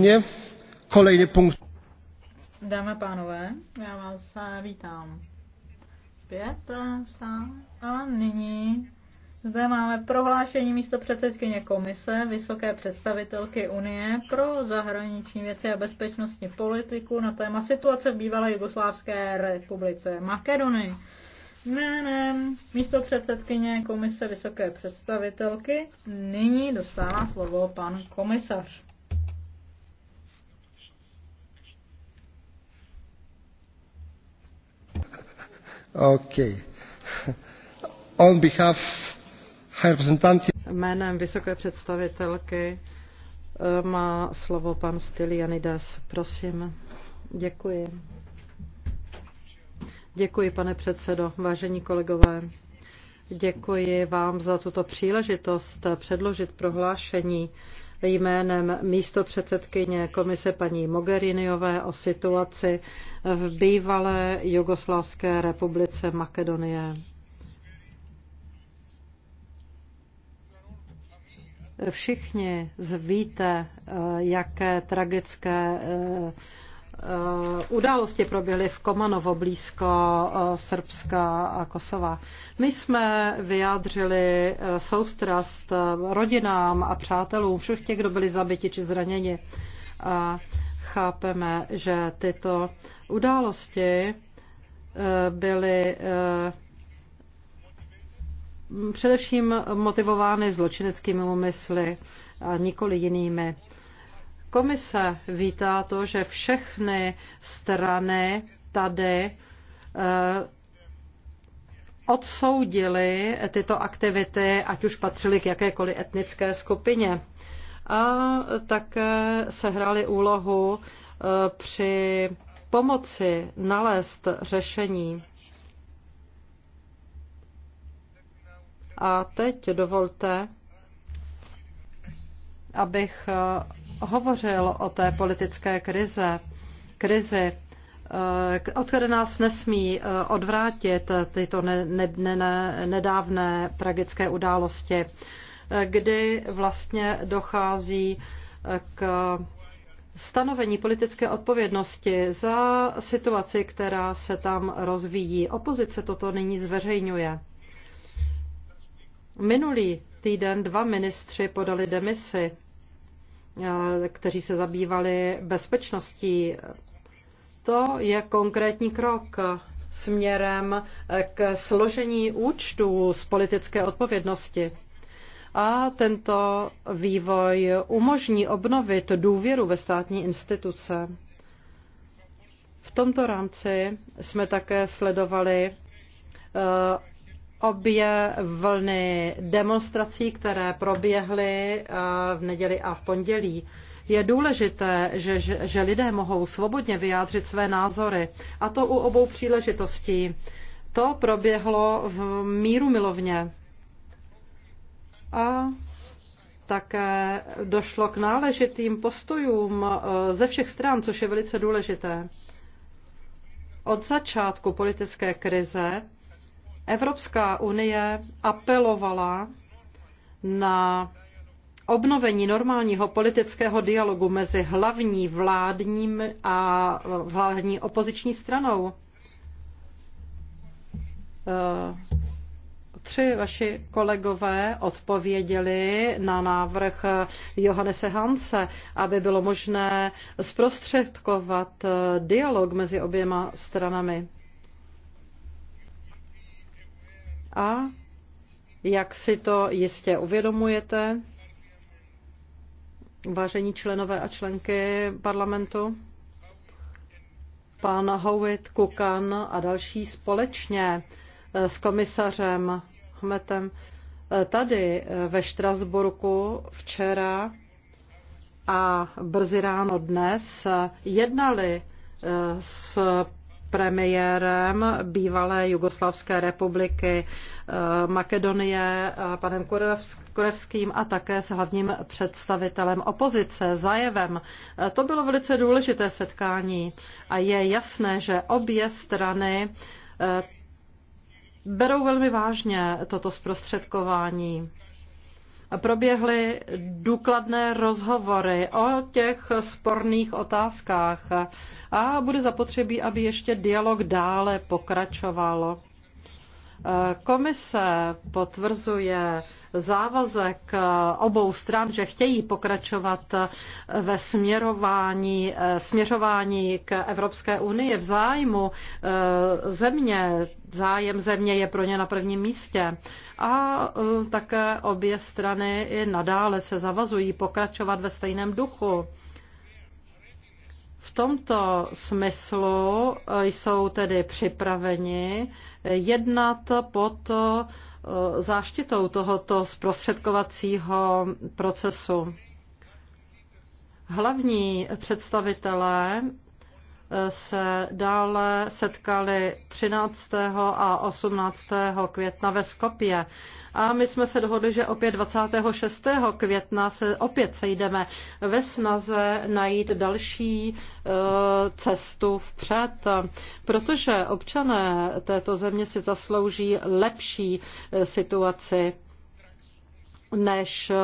Pěkně. Kolejný punkt. Dámy a pánové, já vás vítám Pět, eh, A nyní zde máme prohlášení místo předsedkyně komise Vysoké představitelky Unie pro zahraniční věci a bezpečnostní politiku na téma situace v bývalé Jugoslávské republice Makedonii. Ne, ne, místo předsedkyně komise Vysoké představitelky nyní dostává slovo pan komisař. Okay. On behalf Jménem vysoké představitelky eh, má slovo pan Stylianides. Prosím. Děkuji. Děkuji, pane předsedo, vážení kolegové. Děkuji vám za tuto příležitost předložit prohlášení jménem místo předsedkyně komise paní Mogheriniové o situaci v bývalé Jugoslavské republice Makedonie. Všichni zvíte, eh, jaké tragické eh, Eh, události proběhly v Komanovo blízko eh, Srbska a Kosova. My jsme vyjádřili eh, soustrast rodinám a přátelům všech těch, kdo byli zabiti či zraněni. A chápeme, že tyto události byly především motivovány zločineckými úmysly a nikoli jinými. Komise vítá to, že všechny strany tady eh, odsoudily tyto aktivity, ať už patřily k jakékoliv etnické skupině. A také sehrály úlohu eh, při pomoci nalézt řešení. A teď dovolte, abych eh, hovořil o té politické krize, krizi, eh, od které nás nesmí eh, odvrátit tyto ne, ne, ne, nedávné tragické události, kdy vlastně dochází k stanovení politické odpovědnosti za situaci, která se tam rozvíjí. Opozice toto nyní zveřejňuje. Minulý týden dva ministři podali demisi, eh, kteří se zabývali bezpečností. To je konkrétní krok směrem eh, k složení účtů z politické odpovědnosti. A tento vývoj umožní obnovit důvěru ve státní instituce. V tomto rámci jsme také sledovali eh, obě vlny demonstrací, které proběhly eh, v neděli a v pondělí. Je důležité, že, že, že lidé mohou svobodně vyjádřit své názory, a to u obou příležitostí. To proběhlo v míru milovně. A také došlo k náležitým postojům eh, ze všech stran, což je velice důležité. Od začátku politické krize Evropská unie apelovala na obnovení normálního politického dialogu mezi hlavní vládním a hlavní opoziční stranou. Eh, tři vaši kolegové odpověděli na návrh Johannese Hanse, aby bylo možné zprostředkovat eh, dialog mezi oběma stranami. A jak si to jistě uvědomujete, vážení členové a členky parlamentu, pan Howitt, Kukan a další společně eh, s komisařem Hmetem eh, tady eh, ve Štrasburku včera a brzy ráno dnes jednali s premiérem bývalé Jugoslavské republiky eh, Makedonie, eh, panem Kurevským a také s hlavním představitelem opozice, Zajevem. Eh, to bylo velice důležité setkání a je jasné, že obě strany berou velmi vážně toto zprostředkování proběhly důkladné rozhovory o těch sporných otázkách a bude zapotřebí, aby ještě dialog dále pokračoval. Komise potvrzuje závazek eh, obou stran, že chtějí pokračovat eh, ve směrování, eh, směřování k Evropské unii v zájmu země. Zájem země je pro ně na prvním místě. A také obě strany i nadále se zavazují pokračovat ve stejném duchu. V tomto smyslu eh, jsou tedy připraveni jednat pod eh, záštitou tohoto zprostředkovacího procesu. Hlavní představitelé eh, se dále setkali 13. a 18. května ve Skopje, a my jsme se dohodli, že opět 26. května se opět sejdeme ve snaze najít další e, cestu vpřed, protože občané této země si zaslouží lepší e, situaci než e,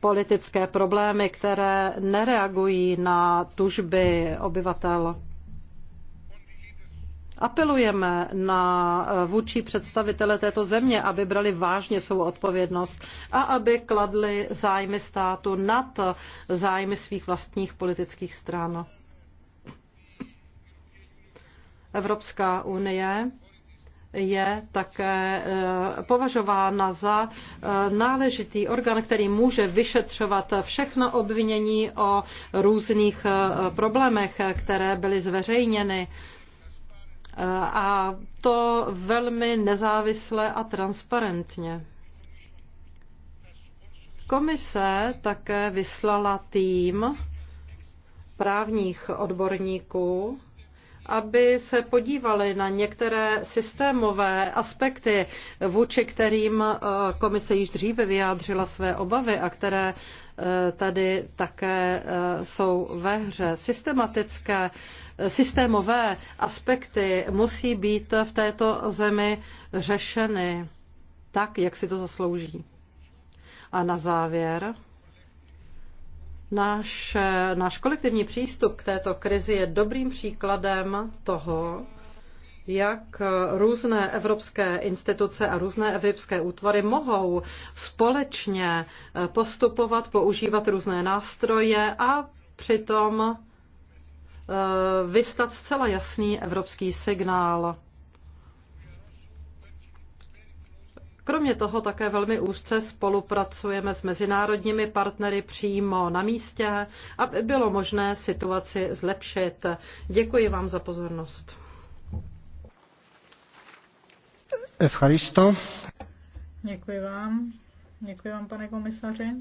politické problémy, které nereagují na tužby obyvatel. Apelujeme na eh, vůči představitele této země, aby brali vážně svou odpovědnost a aby kladli zájmy státu nad zájmy svých vlastních politických stran. Evropská unie je také eh, považována za eh, náležitý orgán, který může vyšetřovat všechna obvinění o různých problémech, které byly zveřejněny a to velmi nezávisle a transparentně. Komise také vyslala tým právních odborníků, aby se podívali na některé systémové aspekty, vůči kterým eh, komise již dříve vyjádřila své obavy a které eh, tady také eh, jsou ve hře. Systematické systémové aspekty musí být v této zemi řešeny tak, jak si to zaslouží. A na závěr, náš, náš kolektivní přístup k této krizi je dobrým příkladem toho, jak různé evropské instituce a různé evropské útvary mohou společně postupovat, používat různé nástroje a přitom Eh, vystat zcela jasný evropský signál. Kromě toho také velmi úzce spolupracujeme s mezinárodními partnery přímo na místě, aby bylo možné situaci zlepšit. Děkuji vám za pozornost. Evcharisto. Děkuji vám. Děkuji vám, pane komisaři.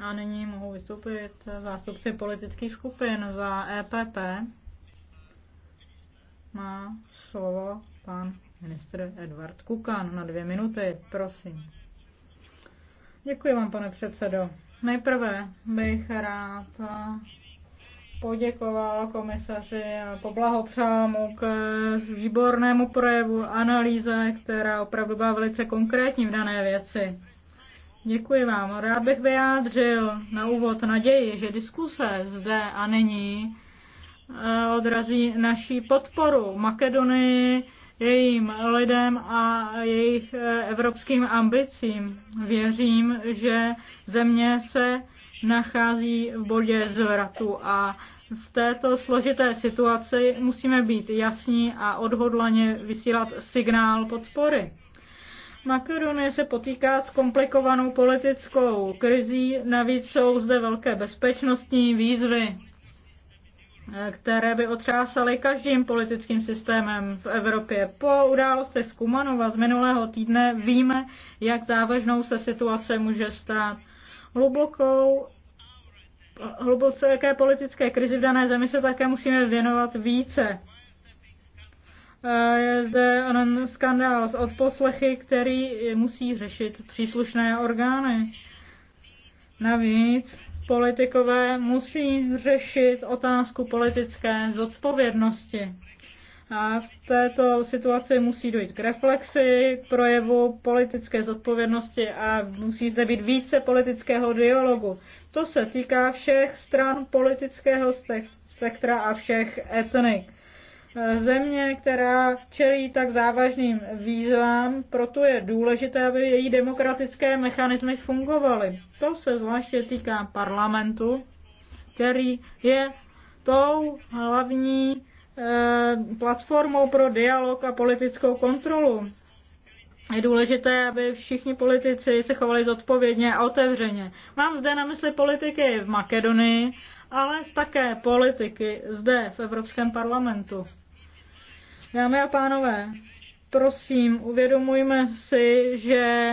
A nyní mohou vystoupit zástupci politických skupin za EPP. Má slovo pan ministr Edvard Kukan na dvě minuty, prosím. Děkuji vám, pane předsedo. Nejprve bych rád poděkoval komisaři a poblahopřál mu k výbornému projevu analýze, která opravdu byla velice konkrétní v dané věci. Děkuji vám. Rád bych vyjádřil na úvod naději, že diskuse zde a není eh, odrazí naší podporu Makedonii, jejím lidem a jejich eh, evropským ambicím. Věřím, že země se nachází v bodě zvratu a v této složité situaci musíme být jasní a odhodlaně vysílat signál podpory. Makedonie se potýká s komplikovanou politickou krizí, navíc jsou zde velké bezpečnostní výzvy, které by otřásaly každým politickým systémem v Evropě. Po událostech z Kumanova z minulého týdne víme, jak závažnou se situace může stát. Hlubokou hluboké politické krizi v dané zemi se také musíme věnovat více. Eh, je zde onen skandál s odposlechy, který musí řešit příslušné orgány. Navíc politikové musí řešit otázku politické zodpovědnosti. A v této situaci musí dojít k reflexi, k projevu politické zodpovědnosti a musí zde být více politického dialogu. To se týká všech stran politického spektra a všech etnik země, která čelí tak závažným výzvám, proto je důležité, aby její demokratické mechanismy fungovaly. To se zvláště týká parlamentu, který je tou hlavní eh, platformou pro dialog a politickou kontrolu. Je důležité, aby všichni politici se chovali zodpovědně a otevřeně. Mám zde na mysli politiky v Makedonii, ale také politiky zde v Evropském parlamentu. Dámy a pánové, prosím, uvědomujme si, že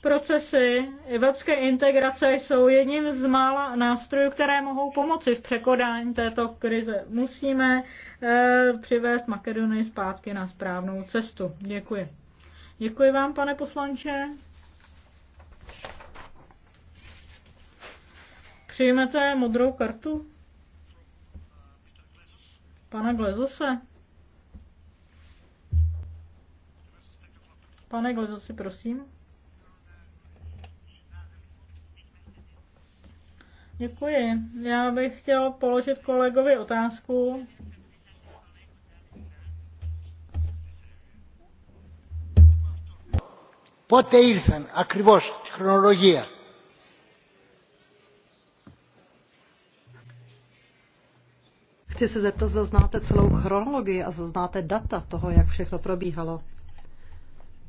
procesy evropské integrace jsou jedním z mála nástrojů, které mohou pomoci v překodání této krize. Musíme e, přivést Makedonii zpátky na správnou cestu. Děkuji. Děkuji vám, pane poslanče. Přijmete modrou kartu? Pana Glezose? Pane si prosím. Děkuji. Já bych chtěl položit kolegovi otázku. Poté jsem, a krivoš, chronologie. Chci se zeptat, zaznáte celou chronologii a zaznáte data toho, jak všechno probíhalo.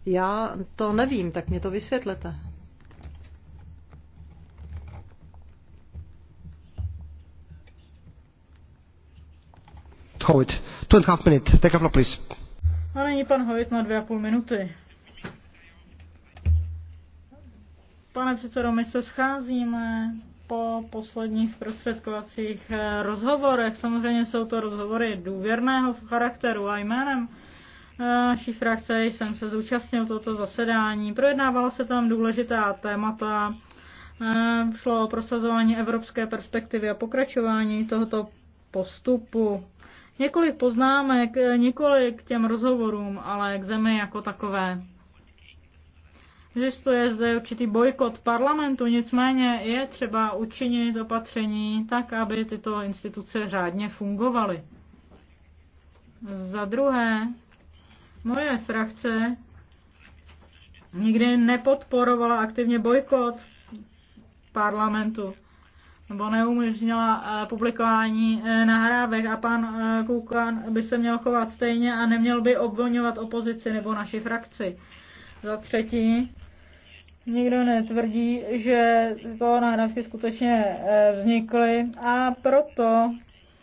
Já to nevím, tak mě to vysvětlete. Hovit, two and a half minute. Take a floor, please. A no, nyní pan Hovit na dvě a půl minuty. Pane předsedo, my se scházíme po posledních zprostředkovacích eh, rozhovorech. Samozřejmě jsou to rozhovory důvěrného charakteru a jménem naší frakce jsem se zúčastnil toto zasedání. Projednávala se tam důležitá témata, eh, šlo o prosazování evropské perspektivy a pokračování tohoto postupu. Několik poznámek, eh, několik k těm rozhovorům, ale k zemi jako takové. Existuje zde určitý bojkot parlamentu, nicméně je třeba učinit opatření tak, aby tyto instituce řádně fungovaly. Za druhé, Moje frakce nikdy nepodporovala aktivně bojkot parlamentu nebo neumožnila eh, publikování eh, nahrávek a pan eh, Kukan by se měl chovat stejně a neměl by obvinovat opozici nebo naši frakci. Za třetí, nikdo netvrdí, že to nahrávky skutečně vznikly a proto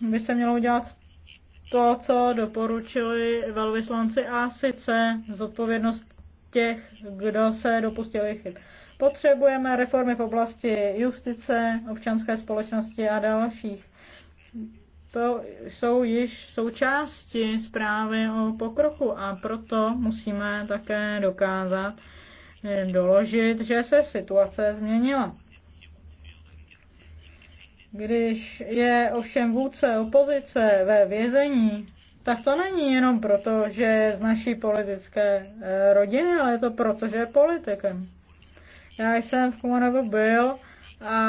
by se mělo udělat to, co doporučili velvyslanci a sice zodpovědnost těch, kdo se dopustili chyb. Potřebujeme reformy v oblasti justice, občanské společnosti a dalších. To jsou již součásti zprávy o pokroku a proto musíme také dokázat eh, doložit, že se situace změnila. Když je ovšem vůdce opozice ve vězení, tak to není jenom proto, že je z naší politické eh, rodiny, ale je to proto, že je politikem. Já jsem v Kumanovu byl a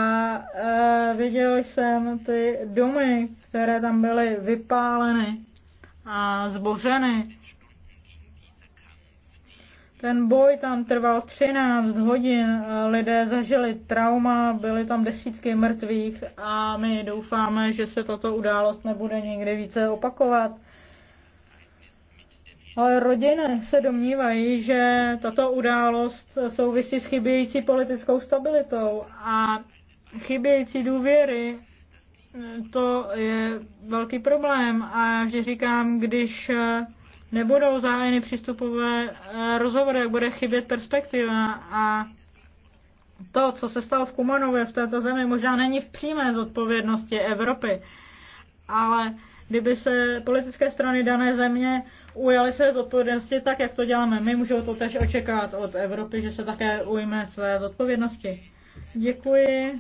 e, viděl jsem ty domy, které tam byly vypáleny a zbořeny. Ten boj tam trval 13 hodin, lidé zažili trauma, byly tam desítky mrtvých a my doufáme, že se tato událost nebude nikdy více opakovat. Ale rodiny se domnívají, že tato událost souvisí s chybějící politickou stabilitou a chybějící důvěry. To je velký problém a že říkám, když nebudou zájmy přístupové eh, rozhovory, jak bude chybět perspektiva a to, co se stalo v Kumanově v této zemi, možná není v přímé zodpovědnosti Evropy, ale kdyby se politické strany dané země ujaly své zodpovědnosti tak, jak to děláme my, můžou to tež očekávat od Evropy, že se také ujme své zodpovědnosti. Děkuji.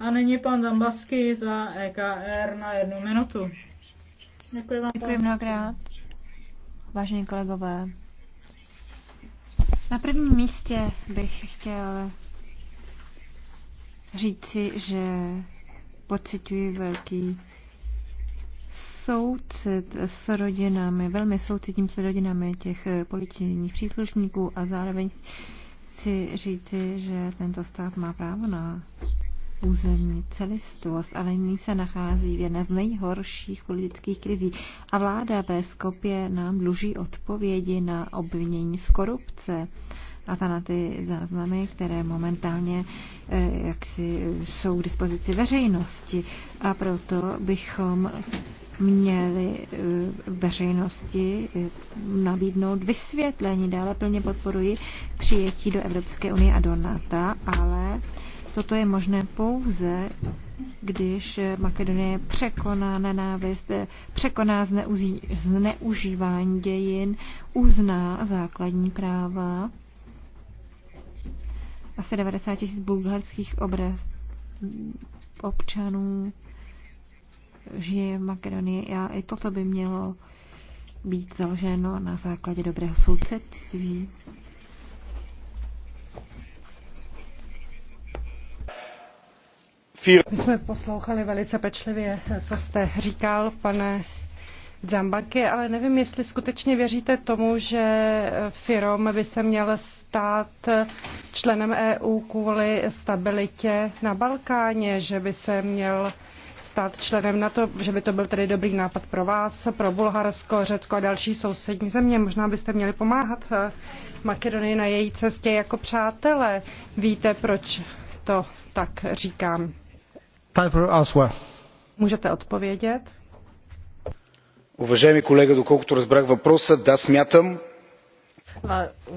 A nyní pan Zambaský za EKR na jednu minutu. Děkuji vám. Děkuji mnohokrát. Vážení kolegové, na prvním místě bych chtěl říci, že pocituji velký soucit s rodinami, velmi soucitím s rodinami těch policijních příslušníků a zároveň chci říci, že tento stát má právo na územní celistvost, ale nyní se nachází v jedné z nejhorších politických krizí a vláda ve Skopě nám dluží odpovědi na obvinění z korupce a ta na ty záznamy, které momentálně eh, jaksi jsou k dispozici veřejnosti. A proto bychom měli eh, veřejnosti eh, nabídnout vysvětlení. Dále plně podporuji přijetí do Evropské unie a do NATO, ale Toto je možné pouze, když Makedonie překoná nenávist, překoná zneužívání dějin, uzná základní práva. Asi 90 tisíc bulharských obrev občanů žije v Makedonii a i toto by mělo být založeno na základě dobrého soucetství. My jsme poslouchali velice pečlivě, co jste říkal, pane Zambaky, ale nevím, jestli skutečně věříte tomu, že firm by se měl stát členem EU kvůli stabilitě na Balkáně, že by se měl stát členem na to, že by to byl tedy dobrý nápad pro vás, pro Bulharsko, Řecko a další sousední země. Možná byste měli pomáhat eh, Makedonii na její cestě jako přátelé. Víte, proč to tak říkám. Time for answer. Můžete odpovědět? Уважаеми колега, доколкото разбрах въпроса, да, смятам,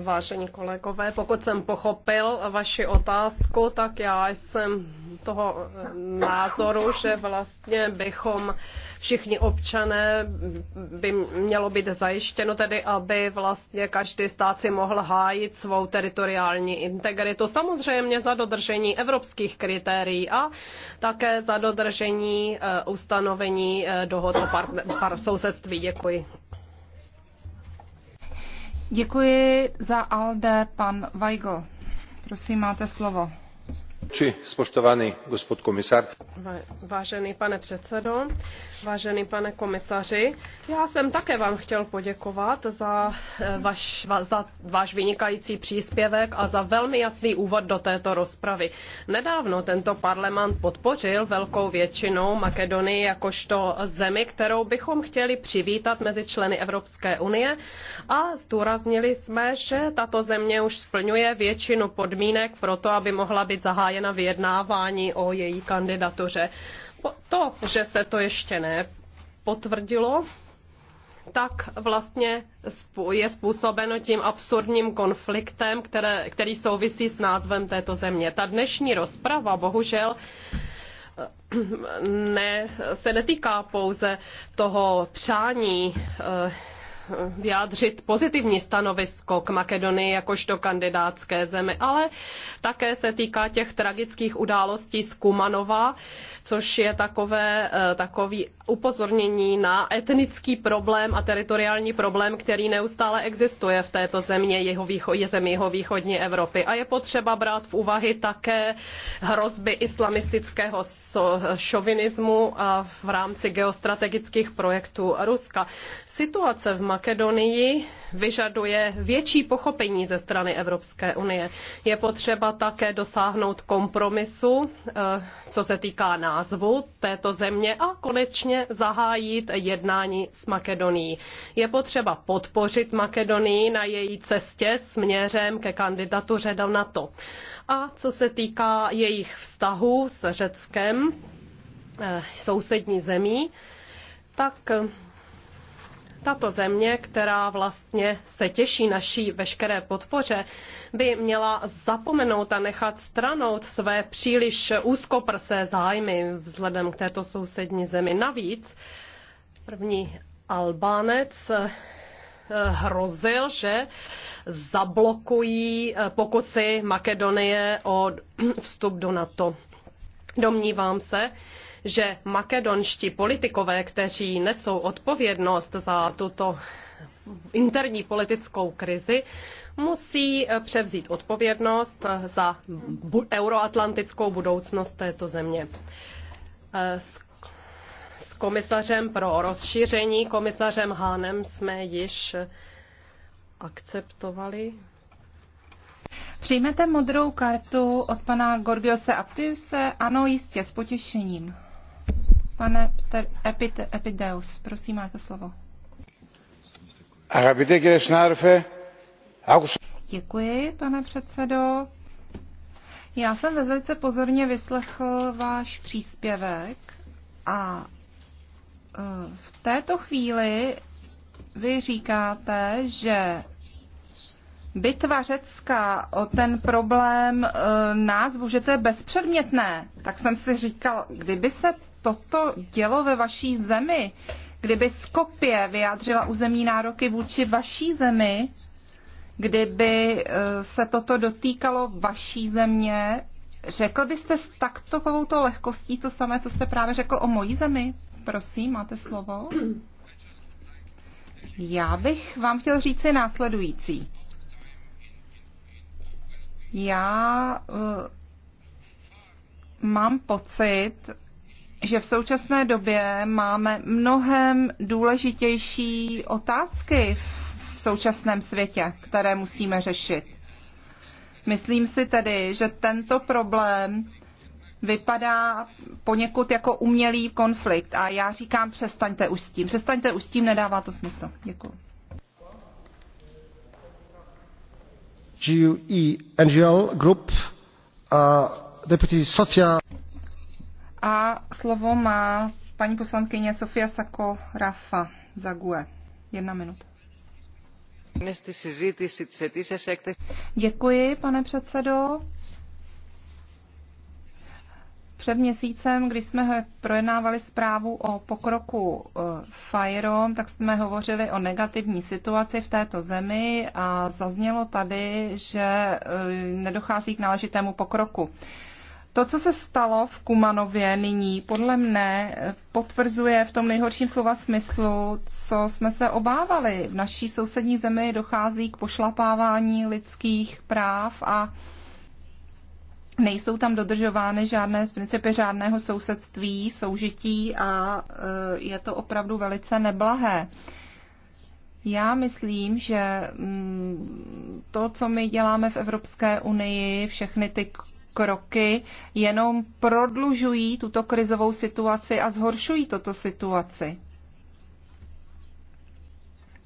Vážení kolegové, pokud jsem pochopil vaši otázku, tak já jsem toho eh, názoru, že vlastně bychom všichni občané by mělo být zajištěno tedy, aby vlastně každý stát si mohl hájit svou teritoriální integritu. Samozřejmě za dodržení evropských kritérií a také za dodržení eh, ustanovení eh, dohod o par- par- sousedství. Děkuji. Děkuji za ALDE, pan Weigl. Prosím, máte slovo vážený pane předsedo vážený pane komisaři já jsem také vám chtěl poděkovat eh, za, váš vynikající příspěvek a za velmi jasný úvod do této rozpravy. nedávno tento parlament podpořil velkou většinou makedonii jakožto zemi kterou bychom chtěli přivítat mezi členy evropské unie a zdůraznili jsme že tato země už splňuje většinu podmínek pro to aby mohla být zahájena na vyjednávání o její kandidatoře. To, že se to ještě nepotvrdilo, tak vlastně je způsobeno tím absurdním konfliktem, které, který souvisí s názvem této země. Ta dnešní rozprava bohužel eh, ne, se netýká pouze toho přání eh, vyjádřit pozitivní stanovisko k Makedonii jakožto kandidátské zemi, ale také se týká těch tragických událostí z Kumanova, což je takové, eh, takový upozornění na etnický problém a teritoriální problém, který neustále existuje v této země, jeho výcho, je zemi jeho východní Evropy. A je potřeba brát v úvahy také hrozby islamistického šovinismu eh, v rámci geostrategických projektů Ruska. Situace v Makedonii Makedonii vyžaduje větší pochopení ze strany Evropské unie. Je potřeba také dosáhnout kompromisu, eh, co se týká názvu této země a konečně zahájit jednání s Makedonií. Je potřeba podpořit Makedonii na její cestě směrem ke kandidatuře do NATO. A co se týká jejich vztahů s Řeckem, eh, sousední zemí, tak tato země, která vlastně se těší naší veškeré podpoře, by měla zapomenout a nechat stranou své příliš úzkoprsé zájmy vzhledem k této sousední zemi. Navíc první Albánec eh, hrozil, že zablokují eh, pokusy Makedonie o vstup do NATO. Domnívám se, že makedonští politikové, kteří nesou odpovědnost za tuto interní politickou krizi, musí eh, převzít odpovědnost eh, za euroatlantickou budoucnost této země. Eh, s komisařem pro rozšíření, komisařem Hánem jsme již akceptovali Přijmete modrou kartu od pana Gorgiose Aptiuse? Ano, jistě, s potěšením. Pane Epideus, prosím, máte slovo. Děkuji, pane předsedo. Já jsem velice pozorně vyslechl váš příspěvek a e, v této chvíli vy říkáte, že bitva Řecka o ten problém e, názvu, že to je bezpředmětné, tak jsem si říkal, kdyby se toto dělo ve vaší zemi, kdyby Skopje vyjádřila územní nároky vůči vaší zemi, kdyby eh, se toto dotýkalo vaší země, řekl byste s to lehkostí to samé, co jste právě řekl o mojí zemi? Prosím, máte slovo. Já bych vám chtěl říci následující. Já eh, mám pocit, že v současné době máme mnohem důležitější otázky v současném světě, které musíme řešit. Myslím si tedy, že tento problém vypadá poněkud jako umělý konflikt a já říkám, přestaňte už s tím. Přestaňte už s tím, nedává to smysl. Děkuji. GUE NGL Group, uh, Deputy Sofia a slovo má paní poslankyně Sofia Sako Rafa Zague. Jedna minuta. Děkuji, pane předsedo. Před měsícem, když jsme projednávali zprávu o pokroku eh, FIROM, tak jsme hovořili o negativní situaci v této zemi a zaznělo tady, že eh, nedochází k náležitému pokroku. To, co se stalo v Kumanově nyní, podle mne potvrzuje v tom nejhorším slova smyslu, co jsme se obávali. V naší sousední zemi dochází k pošlapávání lidských práv a nejsou tam dodržovány žádné z principy žádného sousedství, soužití a e, je to opravdu velice neblahé. Já myslím, že mm, to, co my děláme v Evropské unii, všechny ty kroky jenom prodlužují tuto krizovou situaci a zhoršují toto situaci.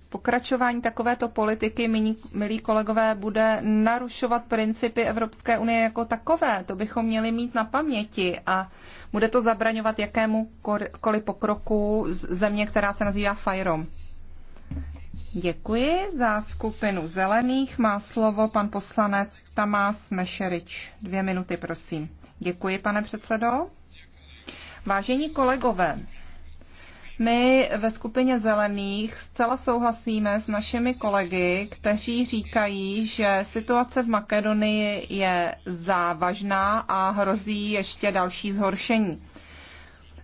Pokračování takovéto politiky, milí kolegové, bude narušovat principy Evropské unie jako takové. To bychom měli mít na paměti a bude to zabraňovat jakémukoliv pokroku země, která se nazývá FIROM. Děkuji. Za skupinu zelených má slovo pan poslanec Tamás Mešerič. Dvě minuty, prosím. Děkuji, pane předsedo. Vážení kolegové, my ve skupině zelených zcela souhlasíme s našimi kolegy, kteří říkají, že situace v Makedonii je závažná a hrozí ještě další zhoršení.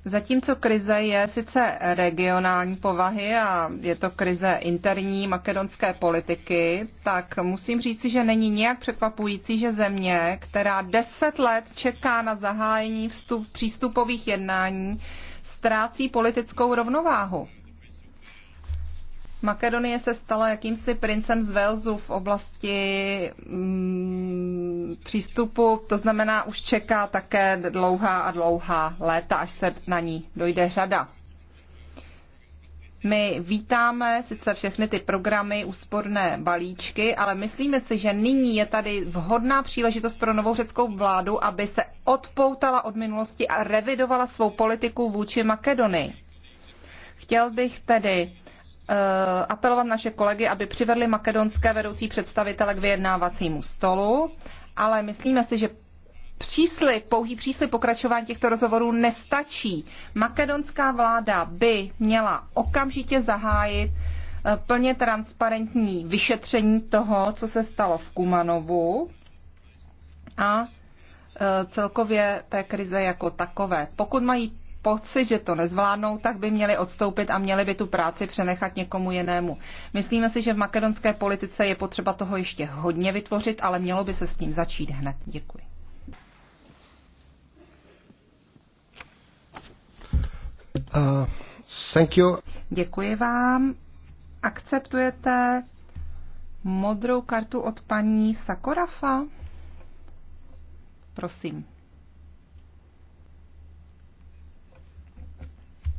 Zatímco krize je sice regionální povahy a je to krize interní makedonské politiky, tak musím říci, že není nijak překvapující, že země, která deset let čeká na zahájení vstup přístupových jednání, ztrácí politickou rovnováhu. Makedonie se stala jakýmsi princem z Velzu v oblasti mm, přístupu, to znamená, už čeká také dlouhá a dlouhá léta, až se na ní dojde řada. My vítáme sice všechny ty programy, úsporné balíčky, ale myslíme si, že nyní je tady vhodná příležitost pro novou řeckou vládu, aby se odpoutala od minulosti a revidovala svou politiku vůči Makedonii. Chtěl bych tedy Eh, apelovat naše kolegy, aby přivedli makedonské vedoucí představitele k vyjednávacímu stolu, ale myslíme si, že příslip, pouhý příslip pokračování těchto rozhovorů nestačí. Makedonská vláda by měla okamžitě zahájit eh, plně transparentní vyšetření toho, co se stalo v Kumanovu a eh, celkově té krize jako takové. Pokud mají pocit, že to nezvládnou, tak by měli odstoupit a měli by tu práci přenechat někomu jinému. Myslíme si, že v makedonské politice je potřeba toho ještě hodně vytvořit, ale mělo by se s tím začít hned. Děkuji. Uh, thank you. Děkuji vám. Akceptujete modrou kartu od paní Sakorafa? Prosím.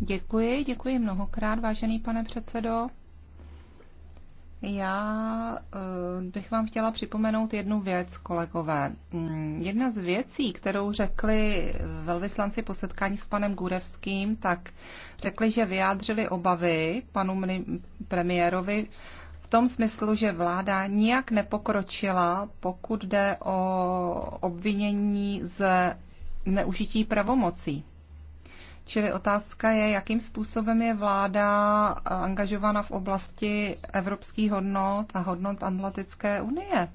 Děkuji, děkuji mnohokrát, vážený pane předsedo. Já eh, bych vám chtěla připomenout jednu věc, kolegové. Mm, jedna z věcí, kterou řekli velvyslanci po setkání s panem Gurevským, tak řekli, že vyjádřili obavy panu premiérovi v tom smyslu, že vláda nijak nepokročila, pokud jde o obvinění z neužití pravomocí. Čili otázka je, jakým způsobem je vláda eh, angažována v oblasti evropských hodnot a hodnot Atlantické unie.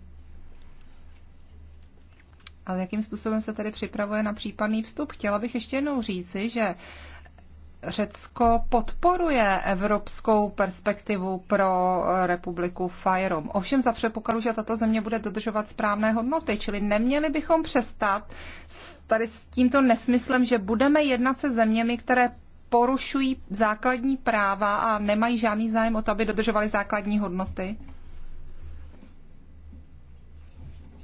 Ale jakým způsobem se tedy připravuje na případný vstup? Chtěla bych ještě jednou říci, že Řecko podporuje evropskou perspektivu pro eh, republiku Fajrom. Ovšem za předpokladu, že tato země bude dodržovat správné hodnoty, čili neměli bychom přestat s tady s tímto nesmyslem, že budeme jednat se zeměmi, které porušují základní práva a nemají žádný zájem o to, aby dodržovali základní hodnoty?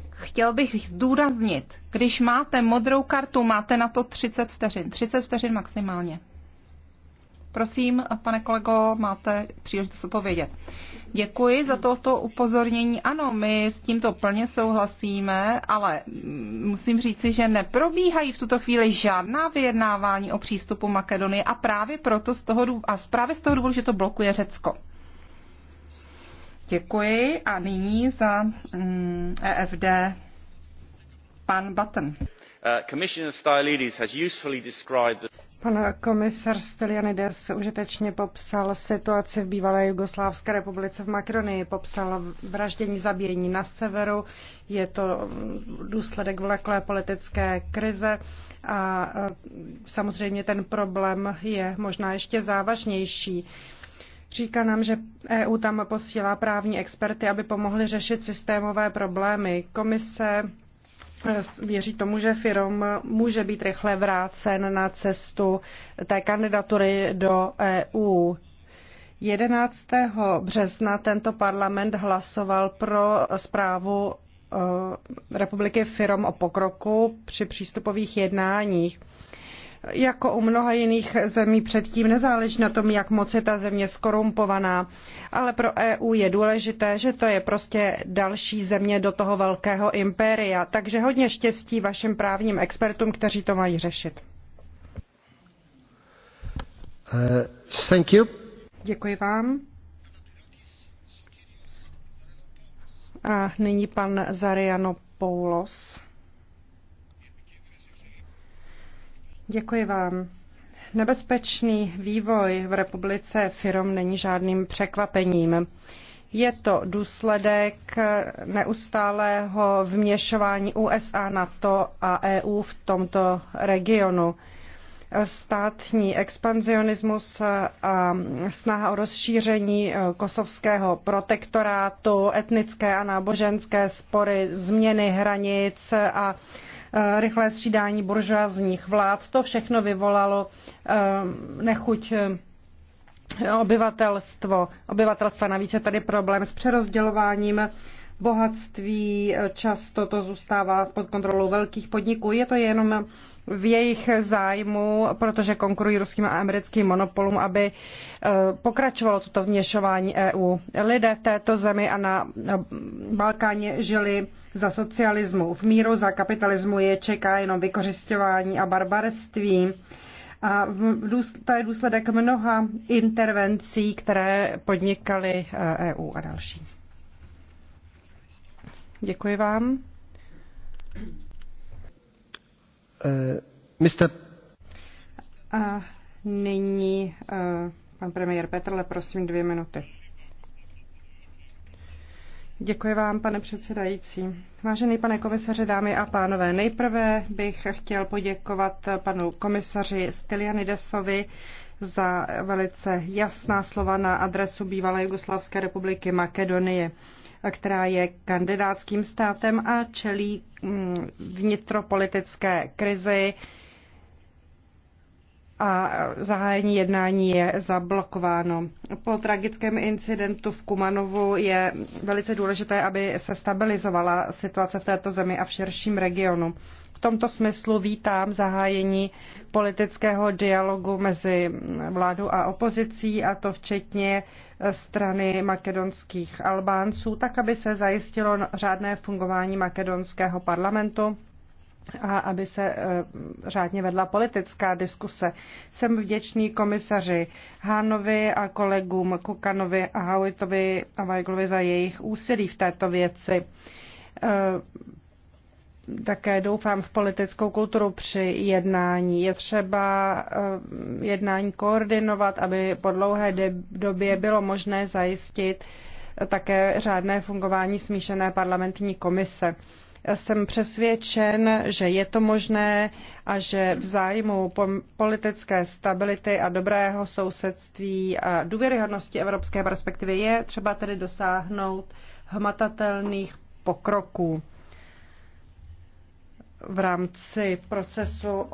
Chtěl bych zdůraznit, když máte modrou kartu, máte na to 30 vteřin. 30 vteřin maximálně. Prosím, pane kolego, máte příležitost odpovědět. Děkuji za toto upozornění. Ano, my s tímto plně souhlasíme, ale musím říci, že neprobíhají v tuto chvíli žádná vyjednávání o přístupu Makedonie a právě proto z toho důvodu, a právě z toho důvodu, že to blokuje Řecko. Děkuji a nyní za mm, EFD pan Button. Uh, Commissioner Stylides has usefully described the Pan komisar Stelianides užitečně popsal situaci v bývalé Jugoslávské republice v Makronii. popsal vraždění zabíjení na severu, je to důsledek vleklé politické krize a e, samozřejmě ten problém je možná ještě závažnější. Říká nám, že EU tam posílá právní experty, aby pomohli řešit systémové problémy. Komise věří tomu, že Firom může být rychle vrácen na cestu té kandidatury do EU. 11. března tento parlament hlasoval pro zprávu eh, Republiky Firom o pokroku při přístupových jednáních jako u mnoha jiných zemí předtím nezáleží na tom, jak moc je ta země skorumpovaná, ale pro EU je důležité, že to je prostě další země do toho velkého impéria. Takže hodně štěstí vašim právním expertům, kteří to mají řešit. Uh, thank you. Děkuji vám. A nyní pan Zariano Poulos. Děkuji vám. Nebezpečný vývoj v republice firm není žádným překvapením. Je to důsledek neustálého vměšování USA, NATO a EU v tomto regionu. Státní expanzionismus a snaha o rozšíření kosovského protektorátu, etnické a náboženské spory, změny hranic a Eh, rychlé střídání buržoazních vlád. To všechno vyvolalo eh, nechuť eh, obyvatelstvo, obyvatelstva. Navíc je tady problém s přerozdělováním bohatství, eh, často to zůstává pod kontrolou velkých podniků. Je to jenom v jejich zájmu, protože konkurují ruským a americkým monopolům, aby eh, pokračovalo toto vněšování EU. Lidé v této zemi a na Balkáně žili za socialismu. V míru za kapitalismu je čeká jenom vykořišťování a barbarství. A to je důsledek mnoha intervencí, které podnikaly EU eh, e a další. Děkuji vám. Uh, eh, Mr. A nyní uh, pan premiér Petrle, prosím dvě minuty. Děkuji vám, pane předsedající. Vážený pane komisaři, dámy a pánové, nejprve bych chtěl poděkovat panu komisaři Stylianidesovi za velice jasná slova na adresu bývalé Jugoslavské republiky Makedonie která je kandidátským státem a čelí mm, vnitropolitické krizi a zahájení jednání je zablokováno. Po tragickém incidentu v Kumanovu je velice důležité, aby se stabilizovala situace v této zemi a v širším regionu. V tomto smyslu vítám zahájení politického dialogu mezi vládou a opozicí, a to včetně strany makedonských Albánců, tak aby se zajistilo řádné fungování makedonského parlamentu a aby se e, řádně vedla politická diskuse. Jsem vděčný komisaři Hánovi a kolegům Kukanovi a Hauitovi a Vajglovi za jejich úsilí v této věci e, také doufám v politickou kulturu při jednání. Je třeba eh, jednání koordinovat, aby po dlouhé době bylo možné zajistit také řádné fungování smíšené parlamentní komise. Jsem přesvědčen, že je to možné a že v zájmu politické stability a dobrého sousedství a důvěryhodnosti evropské perspektivy je třeba tedy dosáhnout hmatatelných pokroků v rámci procesu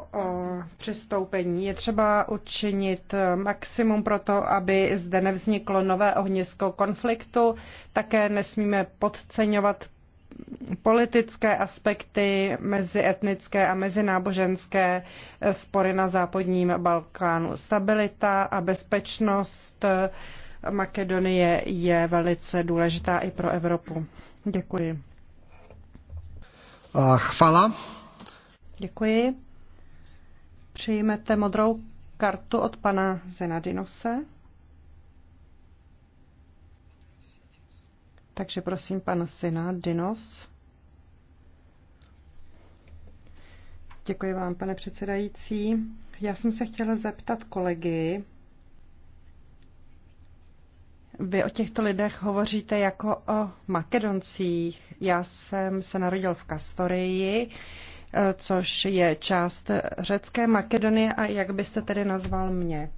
přistoupení. Je třeba učinit e, maximum pro to, aby zde nevzniklo nové ohnisko konfliktu. Také nesmíme podceňovat politické aspekty mezietnické a mezináboženské e, spory na západním Balkánu. Stabilita a bezpečnost e, Makedonie je velice důležitá i pro Evropu. Děkuji. Chvala. Děkuji. Přijmete modrou kartu od pana Zenadinose. Takže prosím, pan Syna Dinos. Děkuji vám, pane předsedající. Já jsem se chtěla zeptat kolegy, vy o těchto lidech hovoříte jako o Makedoncích. Já jsem se narodil v Kastorii, eh, což je část řecké Makedonie. A jak byste tedy nazval mě?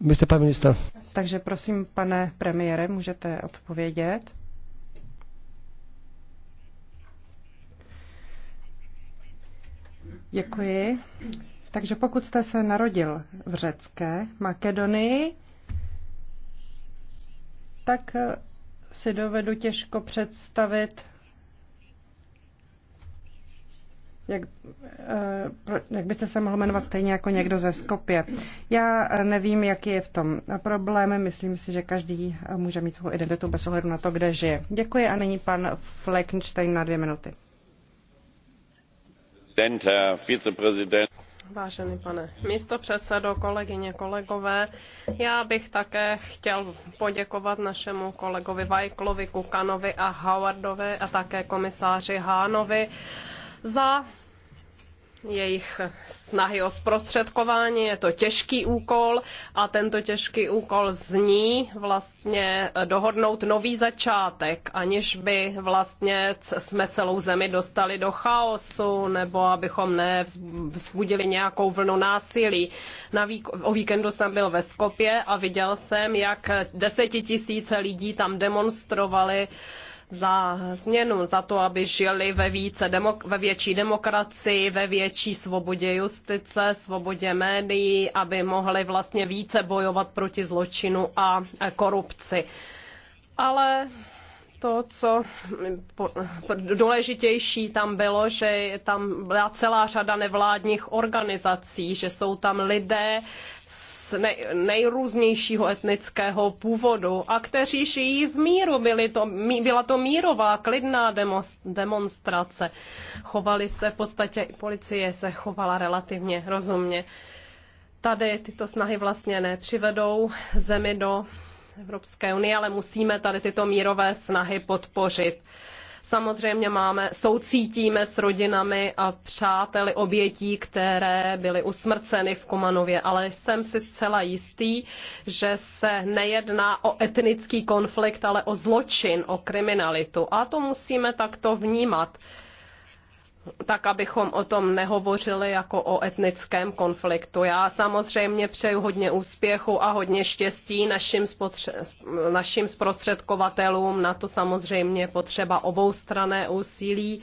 Byste pan minister. Takže prosím, pane premiére, můžete odpovědět. Děkuji. Takže pokud jste se narodil v řecké Makedonii, tak eh, si dovedu těžko představit, jak, eh, jak byste se mohl jmenovat stejně jako někdo ze Skopje. Já eh, nevím, jaký je v tom problém. Myslím si, že každý může mít svou identitu bez ohledu na to, kde žije. Děkuji a nyní pan Fleckenstein na dvě minuty. Prezident, Vážený pane místo předsedo, kolegyně, kolegové, já bych také chtěl poděkovat našemu kolegovi Vajklovi, Kukanovi a Howardovi a také komisáři Hánovi za jejich snahy o zprostředkování. Je to těžký úkol a tento těžký úkol zní vlastně dohodnout nový začátek, aniž by vlastně jsme celou zemi dostali do chaosu nebo abychom nevzbudili nějakou vlnu násilí. Na vík- o víkendu jsem byl ve Skopě a viděl jsem, jak desetitisíce lidí tam demonstrovali za změnu, za to, aby žili ve, více demok- ve větší demokracii, ve větší svobodě justice, svobodě médií, aby mohli vlastně více bojovat proti zločinu a korupci. Ale to, co důležitější tam bylo, že tam byla celá řada nevládních organizací, že jsou tam lidé s z nejrůznějšího etnického původu a kteří žijí v míru. Byly to, byla to mírová, klidná demonstrace. Chovali se, v podstatě i policie se chovala relativně rozumně. Tady tyto snahy vlastně nepřivedou zemi do Evropské unie, ale musíme tady tyto mírové snahy podpořit. Samozřejmě máme, soucítíme s rodinami a přáteli obětí, které byly usmrceny v Komanově, ale jsem si zcela jistý, že se nejedná o etnický konflikt, ale o zločin, o kriminalitu. A to musíme takto vnímat tak abychom o tom nehovořili jako o etnickém konfliktu. Já samozřejmě přeju hodně úspěchu a hodně štěstí našim, spotře- našim zprostředkovatelům. Na to samozřejmě potřeba oboustrané úsilí.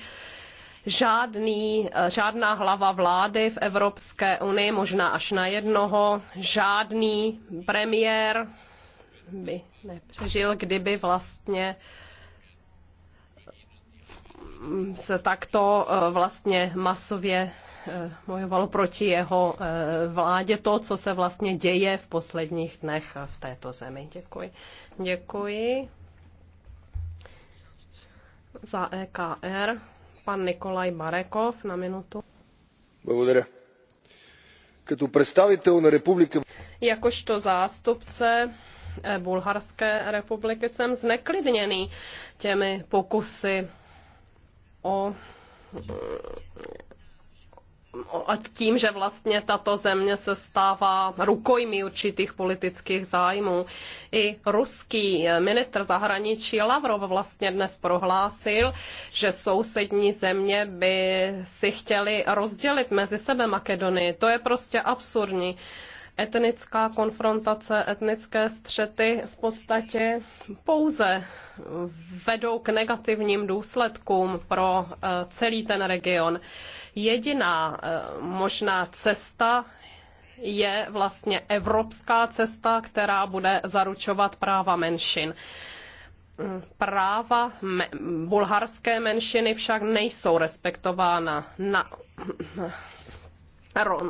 Žádný, žádná hlava vlády v Evropské unii, možná až na jednoho, žádný premiér by nepřežil, kdyby vlastně uh, se takto eh, vlastně masově eh, bojovalo proti jeho eh, vládě to, co se vlastně děje v posledních dnech v této zemi. Děkuji. Děkuji. Za EKR pan Nikolaj Barekov na minutu. Děkuji. Като представител на република... Jakožto zástupce Bulharské republiky jsem zneklidněný těmi pokusy o o tím, že vlastně tato země se stává rukojmí určitých politických zájmů. I ruský ministr zahraničí Lavrov vlastně dnes prohlásil, že sousední země by si chtěli rozdělit mezi sebe Makedonii. To je prostě absurdní. Uh, etnická konfrontace, etnické střety v podstatě pouze vedou k negativním důsledkům pro eh, celý ten region. Jediná eh, možná cesta je vlastně evropská cesta, která bude zaručovat práva menšin. Práva me- bulharské menšiny však nejsou respektována. Na-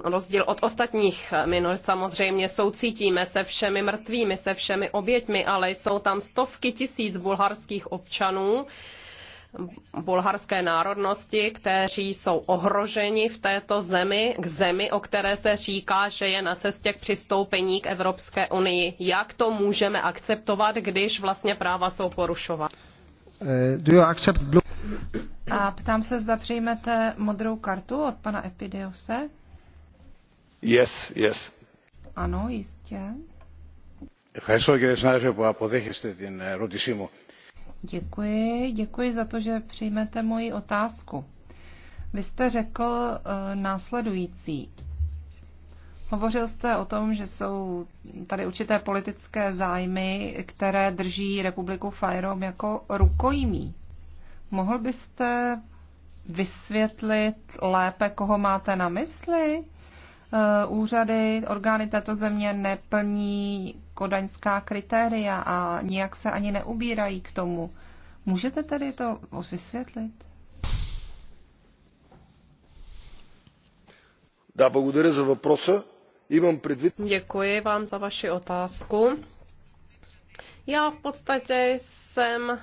rozdíl od ostatních minor. Samozřejmě soucítíme se všemi mrtvými, se všemi oběťmi, ale jsou tam stovky tisíc bulharských občanů, bulharské národnosti, kteří jsou ohroženi v této zemi, k zemi, o které se říká, že je na cestě k přistoupení k Evropské unii. Jak to můžeme akceptovat, když vlastně práva jsou porušována? Eh, A ptám se, zda přijmete modrou kartu od pana Epidiose. Yes, yes. Ano, jistě. Ευχαριστώ κύριε συνάδελφε που αποδέχεστε την ερώτησή μου. Děkuji, děkuji za to, že přijmete moji otázku. Vy jste řekl uh, následující. Hovořil jste o tom, že jsou tady určité politické zájmy, které drží republiku Fajrom jako rukojmí. Mohl byste vysvětlit lépe, koho máte na mysli? Eh, úřady, orgány této země neplní kodaňská kritéria a nijak se ani neubírají k tomu. Můžete tedy to vysvětlit? Děkuji vám za vaši otázku. Já v podstatě jsem eh,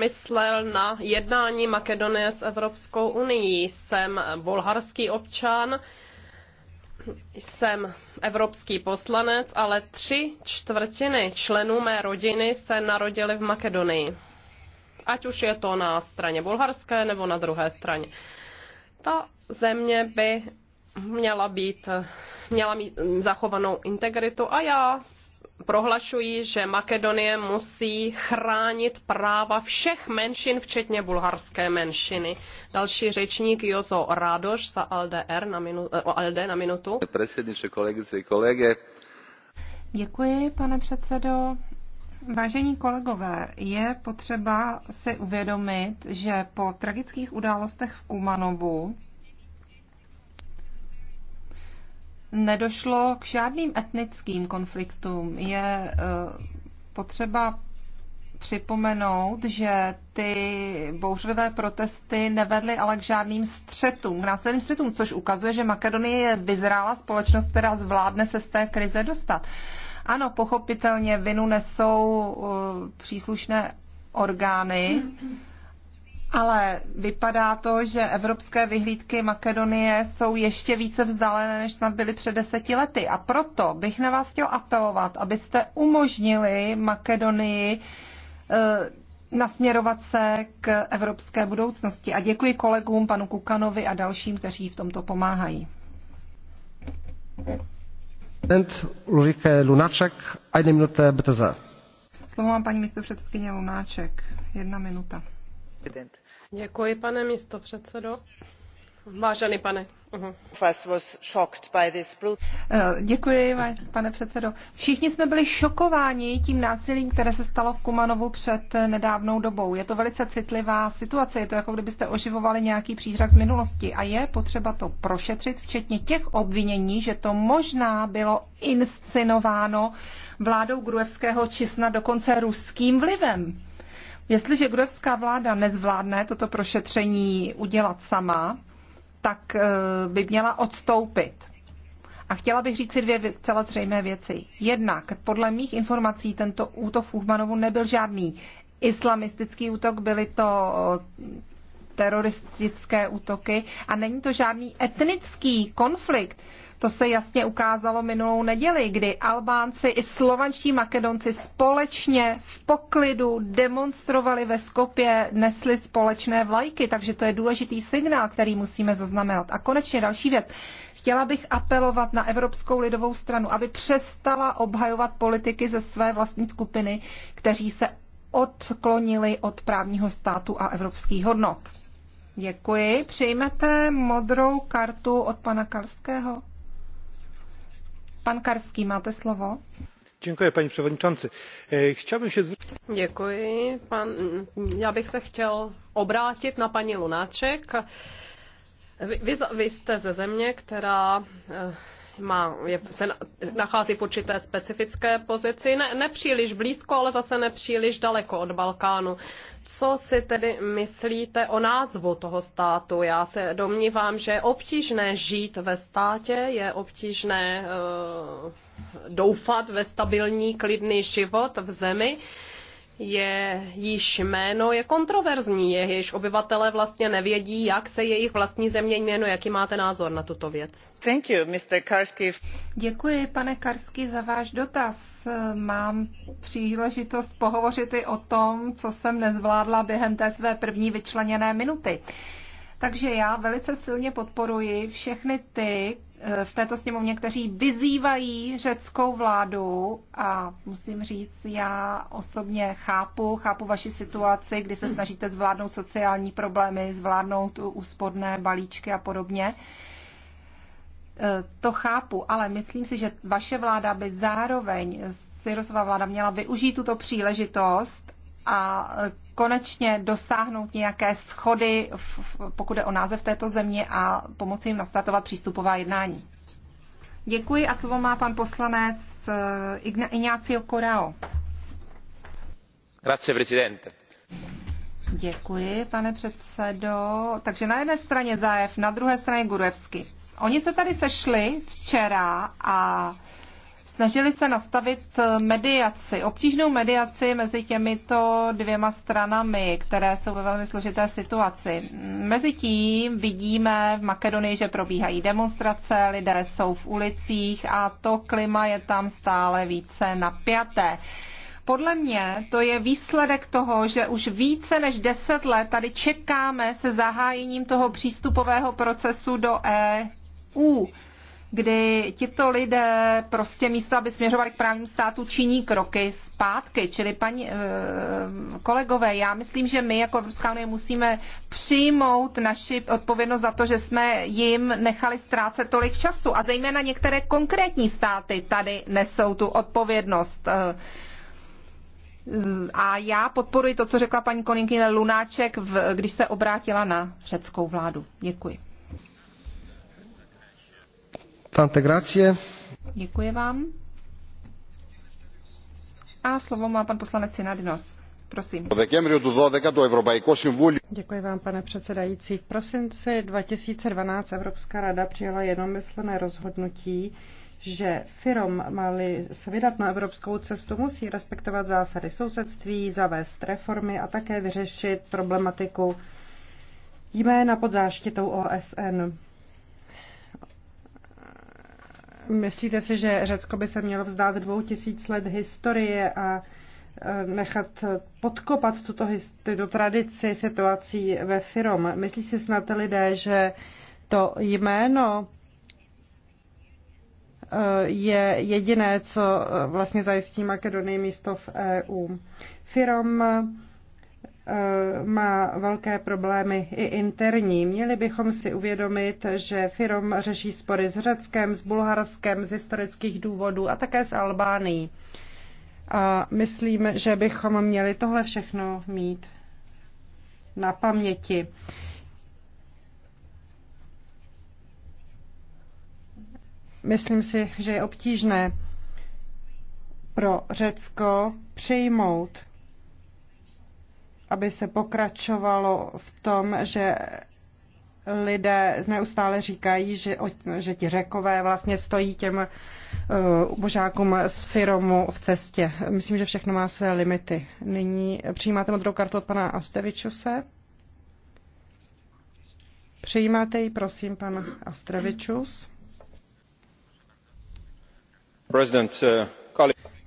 myslel na jednání Makedonie s Evropskou unii. Jsem bulharský občan, jsem evropský poslanec, ale tři čtvrtiny členů mé rodiny se narodily v Makedonii. Ať už je to na straně bulharské nebo na druhé straně. Ta země by měla být, měla mít zachovanou integritu a já prohlašují, že Makedonie musí chránit práva všech menšin, včetně bulharské menšiny. Další řečník Jozo Rádoš za LDR na minu, eh, LD na minutu. Předsedniče, kolegice kolege. Děkuji, pane předsedo. Vážení kolegové, je potřeba si uvědomit, že po tragických událostech v Kumanovu nedošlo k žádným etnickým konfliktům. Je eh, potřeba připomenout, že ty bouřlivé protesty nevedly ale k žádným střetům, k následným střetům, což ukazuje, že Makedonie je vyzrála společnost, která zvládne se z té krize dostat. Ano, pochopitelně vinu nesou eh, příslušné orgány, ale vypadá to, že evropské vyhlídky Makedonie jsou ještě více vzdálené, než snad byly před deseti lety. A proto bych na vás chtěl apelovat, abyste umožnili Makedonii eh, nasměrovat se k evropské budoucnosti. A děkuji kolegům, panu Kukanovi a dalším, kteří v tomto pomáhají. Lunáček, eine Slovo má paní místopředsedkyně Lunáček. Jedna minuta. Děkuji, pane místo předsedo. Vážený pane. Uh-huh. Eh, děkuji, pane předsedo. Všichni jsme byli šokováni tím násilím, které se stalo v Kumanovu před nedávnou dobou. Je to velice citlivá situace, je to jako kdybyste oživovali nějaký přířak z minulosti a je potřeba to prošetřit, včetně těch obvinění, že to možná bylo inscenováno vládou Gruevského Čisna dokonce ruským vlivem. Jestliže gruzínská vláda nezvládne toto prošetření udělat sama, tak eh, by měla odstoupit. A chtěla bych říct si dvě zcela zřejmé věci. Jednak, podle mých informací, tento útok v Uchmanovu nebyl žádný islamistický útok, byly to eh, teroristické útoky a není to žádný etnický konflikt. To se jasně ukázalo minulou neděli, kdy Albánci i slovanští Makedonci společně v poklidu demonstrovali ve Skopě, nesli společné vlajky, takže to je důležitý signál, který musíme zaznamenat. A konečně další věc. Chtěla bych apelovat na Evropskou lidovou stranu, aby přestala obhajovat politiky ze své vlastní skupiny, kteří se odklonili od právního státu a evropských hodnot. Děkuji. Přejmete modrou kartu od pana Karského? Pan Karský, máte slovo. Děkuji, paní předsedající. Chtěl se Děkuji. Pan, já bych se chtěl obrátit na paní Lunáček. Vy, vy, vy jste ze země, která e, má, je, se nachází v určité specifické pozici, ne, nepříliš blízko, ale zase nepříliš daleko od Balkánu. Co si tedy myslíte o názvu toho státu? Já se domnívám, že je obtížné žít ve státě, je obtížné eh, doufat ve stabilní, klidný život v zemi, je již jméno je kontroverzní, je, již obyvatelé vlastně nevědí, jak se jejich vlastní země jméno, jaký máte názor na tuto věc. Thank you, Mr. Karsky. Děkuji, pane Karsky, za váš dotaz. Mám příležitost pohovořit i o tom, co jsem nezvládla během té své první vyčleněné minuty. Takže já velice silně podporuji všechny ty, v této sněmovně, kteří vyzývají řeckou vládu a musím říct, já osobně chápu, chápu vaši situaci, kdy se snažíte zvládnout sociální problémy, zvládnout úsporné balíčky a podobně. E, to chápu, ale myslím si, že vaše vláda by zároveň, Syrosová vláda, měla využít tuto příležitost a konečně dosáhnout nějaké schody, pokud je o název této země a pomoci jim nastartovat přístupová jednání. Děkuji a slovo má pan poslanec eh, Ignacio Corao. Grazie, presidente. Děkuji, pane předsedo. Takže na jedné straně Zajev, na druhé straně Gurevsky. Oni se tady sešli včera a snažili se nastavit mediaci, obtížnou mediaci mezi těmito dvěma stranami, které jsou ve velmi složité situaci. Mezitím vidíme v Makedonii, že probíhají demonstrace, lidé jsou v ulicích a to klima je tam stále více napjaté. Podle mě to je výsledek toho, že už více než deset let tady čekáme se zahájením toho přístupového procesu do EU kdy tito lidé prostě místo, aby směřovali k právnímu státu, činí kroky zpátky. Čili paní, eh, kolegové, já myslím, že my jako Evropská unie musíme přijmout naši odpovědnost za to, že jsme jim nechali ztrácet tolik času. A zejména některé konkrétní státy tady nesou tu odpovědnost. Eh, a já podporuji to, co řekla paní Koninkine Lunáček, když se obrátila na řeckou vládu. Děkuji. Tante grazie. Děkuji vám. A slovo má pan poslanec Sinadinos. Prosím. Děkuji vám, pane předsedající. V prosinci 2012 Evropská rada přijala jednomyslné rozhodnutí, že firm mali se vydat na evropskou cestu, musí respektovat zásady sousedství, zavést reformy a také vyřešit problematiku jména pod záštitou OSN. Myslíte si, že Řecko by se mělo vzdát dvou tisíc let historie a e, nechat podkopat tuto, tuto tradici situací ve firom? Myslí si snad lidé, že to jméno e, je jediné, co e, vlastně zajistí Makedonii místo v EU. Firom Eh, má velké problémy i interní. Měli bychom si uvědomit, že firm řeší spory s Řeckem, s Bulharskem, z historických důvodů a také s Albánií. A myslím, že bychom měli tohle všechno mít na paměti. Myslím si, že je obtížné pro Řecko přijmout aby se pokračovalo v tom, že lidé neustále říkají, že, že ti řekové vlastně stojí těm uh, božákům z Firomu v cestě. Myslím, že všechno má své limity. Nyní přijímáte modrou kartu od pana Astevičuse. Přijímáte ji, prosím, pan Astrevičus. President, uh...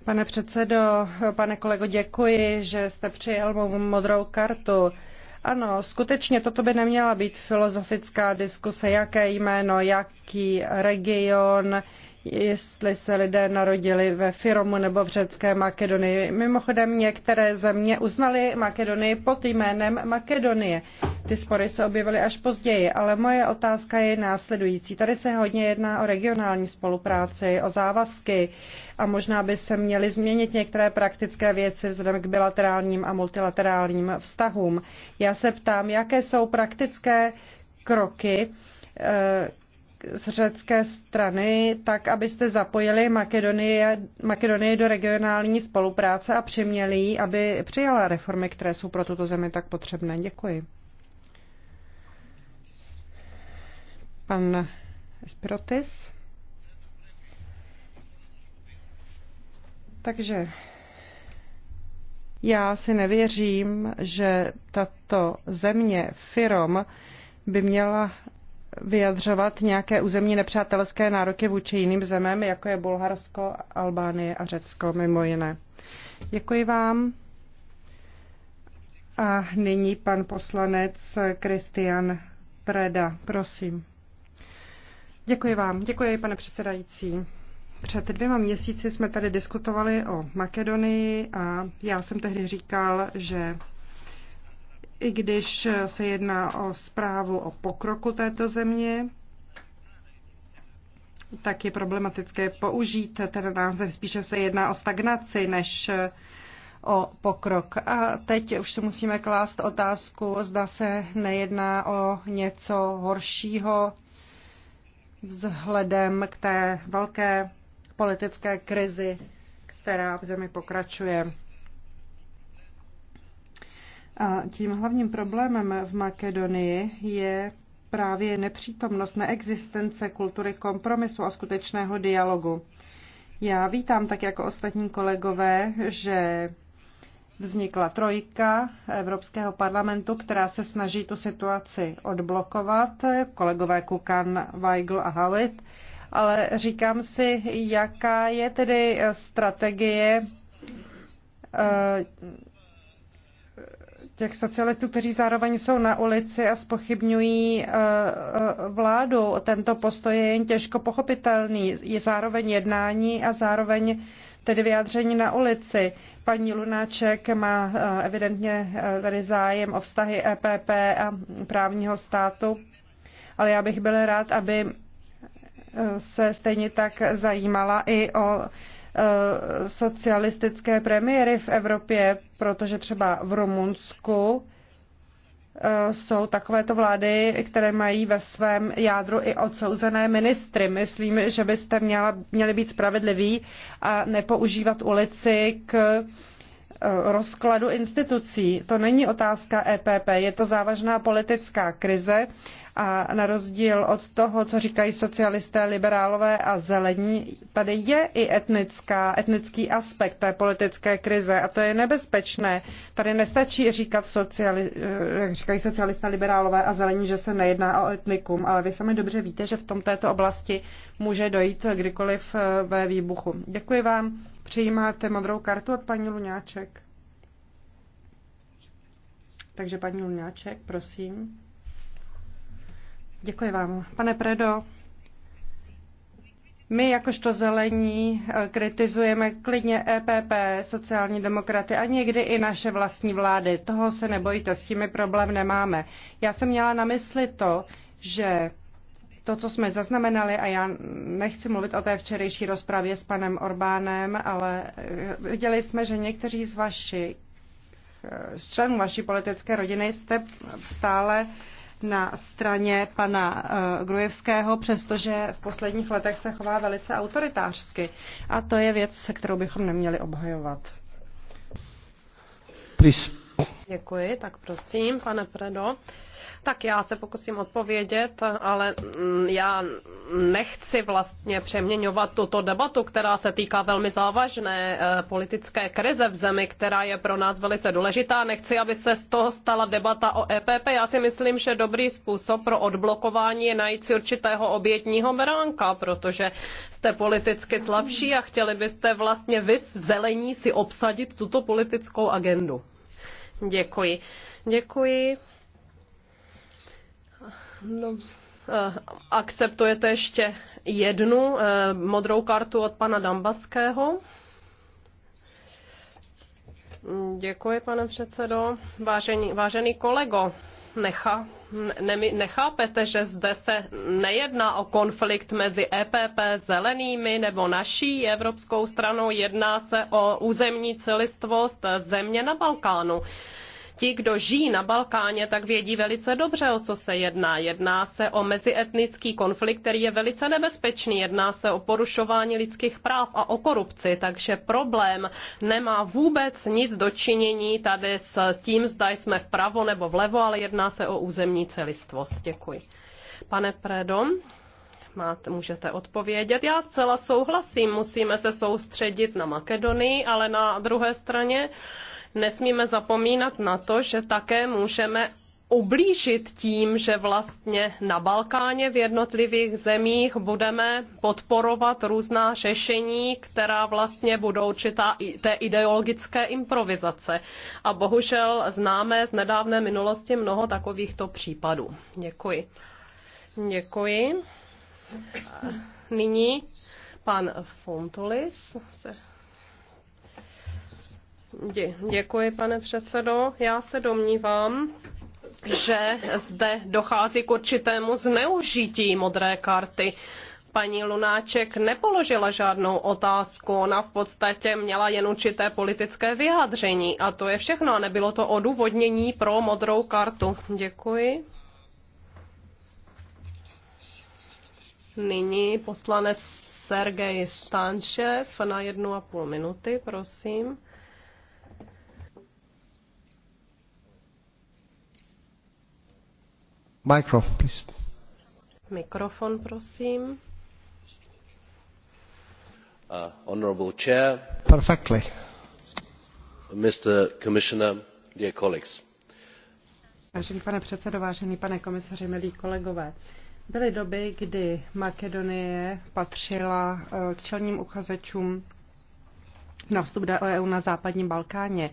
Pane předsedo, pane kolego, děkuji, že jste přijel mou modrou kartu. Ano, skutečně toto by neměla být filozofická diskuse, jaké jméno, jaký region, jestli se lidé narodili ve Firomu nebo v řecké Makedonii. Mimochodem některé země uznaly Makedonii pod jménem Makedonie. Ty spory se objevily až později, ale moje otázka je následující. Tady se hodně jedná o regionální spolupráci, o závazky a možná by se měly změnit některé praktické věci vzhledem k bilaterálním a multilaterálním vztahům. Já se ptám, jaké jsou praktické kroky, eh, z řecké strany, tak abyste zapojili Makedonie, Makedonii do regionální spolupráce a přiměli ji, aby přijala reformy, které jsou pro tuto zemi tak potřebné. Děkuji. Pan Espirotis. Takže já si nevěřím, že tato země, Firom, by měla vyjadřovat nějaké územní nepřátelské nároky vůči jiným zemem, jako je Bulharsko, Albánie a Řecko, mimo jiné. Děkuji vám. A nyní pan poslanec Kristian Preda, prosím. Děkuji vám. Děkuji, pane předsedající. Před dvěma měsíci jsme tady diskutovali o Makedonii a já jsem tehdy říkal, že i když se jedná o zprávu o pokroku této země, tak je problematické použít ten název. Spíše se jedná o stagnaci než o pokrok. A teď už si musíme klást otázku, zda se nejedná o něco horšího vzhledem k té velké politické krizi, která v zemi pokračuje. A tím hlavním problémem v Makedonii je právě nepřítomnost, neexistence kultury kompromisu a skutečného dialogu. Já vítám, tak jako ostatní kolegové, že vznikla trojka Evropského parlamentu, která se snaží tu situaci odblokovat, kolegové Kukan, Weigl a Halit, ale říkám si, jaká je tedy strategie eh, těch socialistů, kteří zároveň jsou na ulici a spochybňují eh, eh, vládu. Tento postoj je jen těžko pochopitelný. Je zároveň jednání a zároveň tedy vyjádření na ulici. Paní Lunáček má eh, evidentně tady zájem o vztahy EPP a právního státu, ale já bych byl rád, aby se stejně tak zajímala i o Eh, socialistické premiéry v Evropě, protože třeba v Rumunsku eh, jsou takovéto vlády, které mají ve svém jádru i odsouzené ministry. Myslím, že byste měla, měli být spravedliví a nepoužívat ulici k eh, rozkladu institucí. To není otázka EPP, je to závažná politická krize a na rozdíl od toho, co říkají socialisté, liberálové a zelení, tady je i etnická, etnický aspekt té politické krize a to je nebezpečné. Tady nestačí říkat, sociali, eh, jak říkají socialisté, liberálové a zelení, že se nejedná o etnikum, ale vy sami dobře víte, že v tom této oblasti může dojít kdykoliv eh, ve výbuchu. Děkuji vám. Přijímáte modrou kartu od paní Luňáček. Takže paní Luňáček, prosím. Děkuji vám. Pane Predo, my jakožto zelení eh, kritizujeme klidně EPP, sociální demokraty a někdy i naše vlastní vlády. Toho se nebojte, s tím problém nemáme. Já jsem měla na mysli to, že to, co jsme zaznamenali, a já nechci mluvit o té včerejší rozpravě s panem Orbánem, ale eh, viděli jsme, že někteří z vašich, eh, z členů vaší politické rodiny jste stále na straně pana eh, Grujevského, přestože v posledních letech se chová velice autoritářsky. A to je věc, se kterou bychom neměli obhajovat. Please. Děkuji, tak prosím, pane Predo. Tak já se pokusím odpovědět, ale mm, já nechci vlastně přeměňovat tuto debatu, která se týká velmi závažné eh, politické krize v zemi, která je pro nás velice důležitá. Nechci, aby se z toho stala debata o EPP. Já si myslím, že dobrý způsob pro odblokování je najít si určitého obětního beránka, protože jste politicky slabší a chtěli byste vlastně vy v zelení si obsadit tuto politickou agendu. Děkuji. Děkuji. No, eh, akceptujete ještě jednu eh, modrou kartu od pana Dambaského. Děkuji, pane předsedo. Vážený, vážený kolego, necha, ne, nechápete, že zde se nejedná o konflikt mezi EPP zelenými nebo naší evropskou stranou, jedná se o územní celistvost země na Balkánu. Ti, kdo žijí na Balkáně, tak vědí velice dobře, o co se jedná. Jedná se o mezietnický konflikt, který je velice nebezpečný. Jedná se o porušování lidských práv a o korupci, takže problém nemá vůbec nic dočinění tady s tím, zda jsme vpravo nebo vlevo, ale jedná se o územní celistvost. Děkuji. Pane Predom, máte, můžete odpovědět. Já zcela souhlasím, musíme se soustředit na Makedonii, ale na druhé straně nesmíme zapomínat na to, že také můžeme ublížit tím, že vlastně na Balkáně v jednotlivých zemích budeme podporovat různá řešení, která vlastně budou určitá té ideologické improvizace. A bohužel známe z nedávné minulosti mnoho takovýchto případů. Děkuji. Děkuji. Nyní pan Fontulis. se Děkuji, pane předsedo. Já se domnívám, že zde dochází k určitému zneužití modré karty. Paní Lunáček nepoložila žádnou otázku, ona v podstatě měla jen určité politické vyjádření a to je všechno a nebylo to odůvodnění pro modrou kartu. Děkuji. Nyní poslanec Sergej Stančev na jednu a půl minuty, prosím. Micro, please. Mikrofon, prosím. Uh, honorable chair. Perfectly. Mr. Commissioner, dear colleagues. Vážený pane předsedo, vážený pane komisaři, milí kolegové. Byly doby, kdy Makedonie patřila eh, k čelním uchazečům na vstup do EU na západním Balkáně.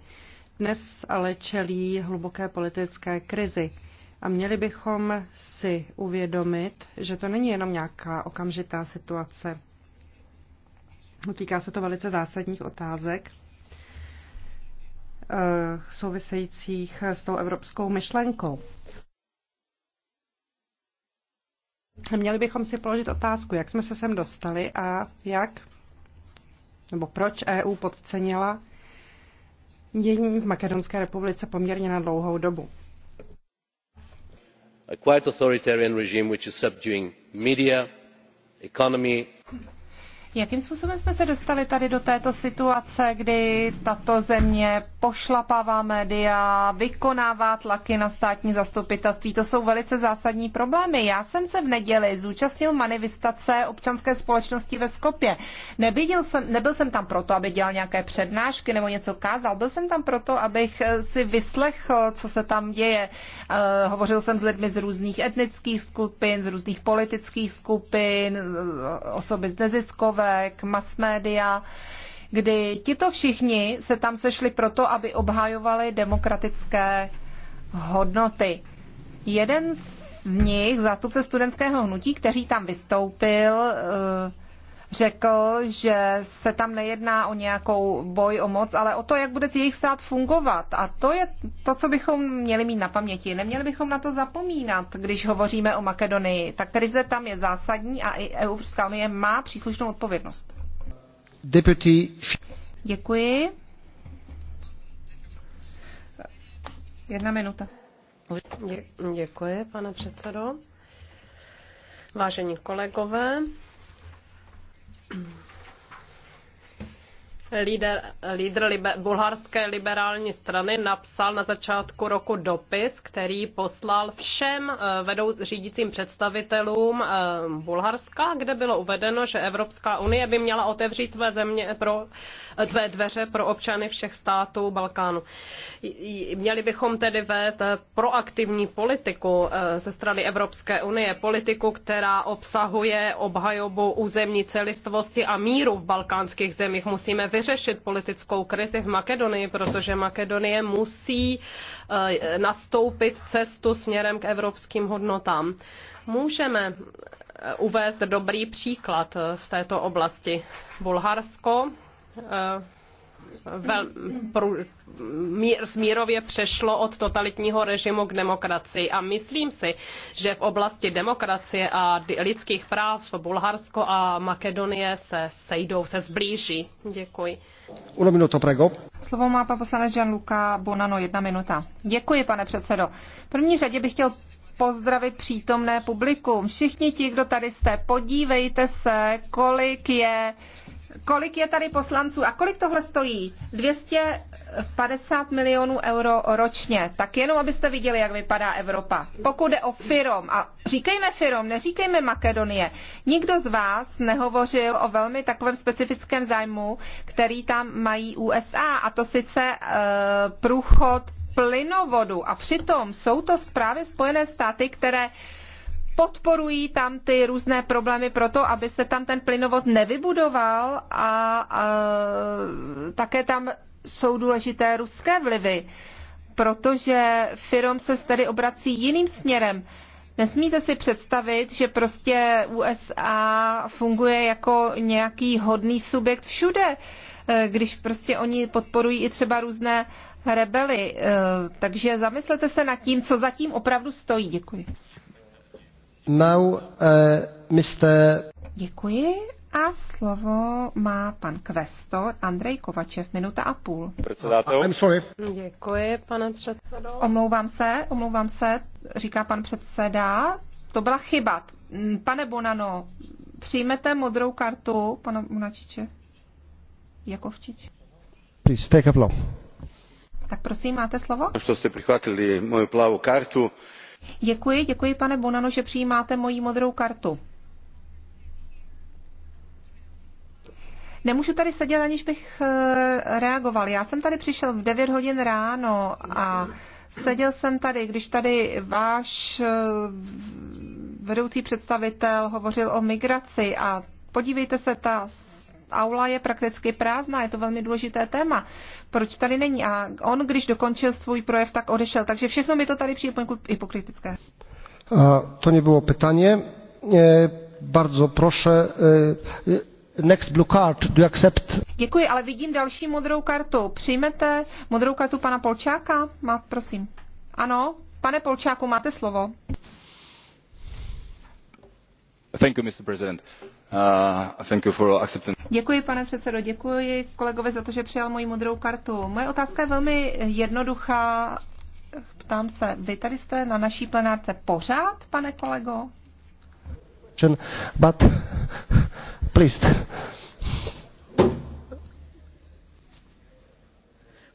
Dnes ale čelí hluboké politické krizi. A měli bychom si uvědomit, že to není jenom nějaká okamžitá situace. Týká se to velice zásadních otázek eh, souvisejících s tou evropskou myšlenkou. Měli bychom si položit otázku, jak jsme se sem dostali a jak, nebo proč EU podcenila dění v Makedonské republice poměrně na dlouhou dobu a quite authoritarian regime which is subduing the media the economy Jakým způsobem jsme se dostali tady do této situace, kdy tato země pošlapává média, vykonává tlaky na státní zastupitelství? To jsou velice zásadní problémy. Já jsem se v neděli zúčastnil manifestace občanské společnosti ve Skopě. Nebyl jsem, nebyl jsem tam proto, aby dělal nějaké přednášky nebo něco kázal. Byl jsem tam proto, abych si vyslechl, co se tam děje. Uh, hovořil jsem s lidmi z různých etnických skupin, z různých politických skupin, eh, osoby z neziskové neziskovek, mass media, kdy tito všichni se tam sešli proto, aby obhajovali demokratické hodnoty. Jeden z nich, zástupce studentského hnutí, kteří tam vystoupil, eh, řekl, že se tam nejedná o nějakou boj o moc, ale o to, jak bude jejich stát fungovat. A to je to, co bychom měli mít na paměti. Neměli bychom na to zapomínat, když hovoříme o Makedonii. Ta krize tam je zásadní a i Evropská unie má příslušnou odpovědnost. Deputy. Děkuji. Jedna minuta. Děkuji, pane předsedo. Vážení kolegové, Mm-hmm. Líder, lídr liber, bulharské liberální strany napsal na začátku roku dopis, který poslal všem eh, vedou, řídícím představitelům eh, Bulharska, kde bylo uvedeno, že Evropská unie by měla otevřít své, země pro, tvé eh, dveře pro občany všech států Balkánu. Měli bychom tedy vést proaktivní politiku ze strany Evropské unie, politiku, která obsahuje obhajobu územní celistvosti a míru v balkánských zemích. Musíme vyřešit vyřešit politickou krizi v Makedonii, protože Makedonie musí eh, nastoupit cestu směrem k evropským hodnotám. Můžeme eh, uvést dobrý příklad eh, v této oblasti. Bulharsko vel, mír, smírově přešlo od totalitního režimu k demokracii. A myslím si, že v oblasti demokracie a lidských práv Bulharsko a Makedonie se sejdou, se zblíží. Děkuji. Uno minuto, prego. Slovo má pan poslanec Gianluca Bonano, jedna minuta. Děkuji, pane předsedo. V první řadě bych chtěl pozdravit přítomné publikum. Všichni ti, kdo tady jste, podívejte se, kolik je kolik je tady poslanců a kolik tohle stojí? 250 milionů euro ročně. Tak jenom, abyste viděli, jak vypadá Evropa. Pokud jde o Firom, a říkejme Firom, neříkejme Makedonie, nikdo z vás nehovořil o velmi takovém specifickém zájmu, který tam mají USA, a to sice e, průchod plynovodu. A přitom jsou to právě Spojené státy, které podporují tam ty různé problémy proto, aby se tam ten plynovod nevybudoval a, a také tam jsou důležité ruské vlivy, protože firm se tedy obrací jiným směrem. Nesmíte si představit, že prostě USA funguje jako nějaký hodný subjekt všude, eh, když prostě oni podporují i třeba různé rebely. Eh, takže zamyslete se nad tím, co zatím opravdu stojí. Děkuji. Now, uh, Mr. Děkuji a slovo má pan kvestor Andrej Kovačev, minuta a půl. Předsedátel. I'm sorry. Děkuji, pane předsedo. Omlouvám se, omlouvám se, říká pan předseda. To byla chyba. Pane Bonano, přijmete modrou kartu, pana Bunačiče? Jakovčič? Please, take a blow. Tak prosím, máte slovo. Što jste prihvatili moju plavou kartu. Děkuji, děkuji pane Bonano, že přijímáte moji modrou kartu. Nemůžu tady sedět, aniž bych eh, reagoval. Já jsem tady přišel v 9 hodin ráno a seděl jsem tady, když tady váš eh, vedoucí představitel hovořil o migraci a podívejte se, ta aula je prakticky prázdná, je to velmi důležité téma proč tady není. A on, když dokončil svůj projev, tak odešel. Takže všechno mi to tady přijde poněkud hypokritické. To nebylo pytanie. E, bardzo proszę. E, next blue card, do you accept? Děkuji, ale vidím další modrou kartu. Přijmete modrou kartu pana Polčáka? Má, prosím. Ano, pane Polčáku, máte slovo. Thank you, Mr. President. Uh, děkuji, pane předsedo, děkuji kolegovi za to, že přijal moji modrou kartu. Moje otázka je velmi jednoduchá. Ptám se, vy tady jste na naší plenárce pořád, pane kolego? But, please.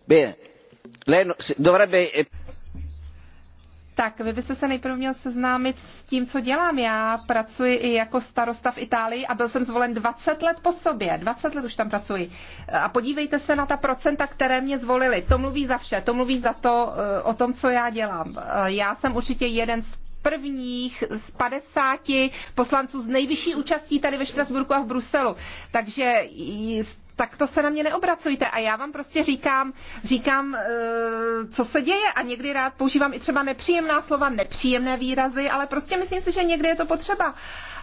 Bene. Lei dovrebbe tak vy byste se nejprve měl seznámit s tím, co dělám. Já pracuji i jako starosta v Itálii a byl jsem zvolen 20 let po sobě. 20 let už tam pracuji. A podívejte se na ta procenta, které mě zvolili. To mluví za vše, to mluví za to eh, o tom, co já dělám. Eh, já jsem určitě jeden z prvních z 50 poslanců s nejvyšší účastí tady ve Štrasburku a v Bruselu. Takže tak to se na mě neobracujte. A já vám prostě říkám, říkám, eh, co se děje. A někdy rád používám i třeba nepříjemná slova, nepříjemné výrazy, ale prostě myslím si, že někdy je to potřeba.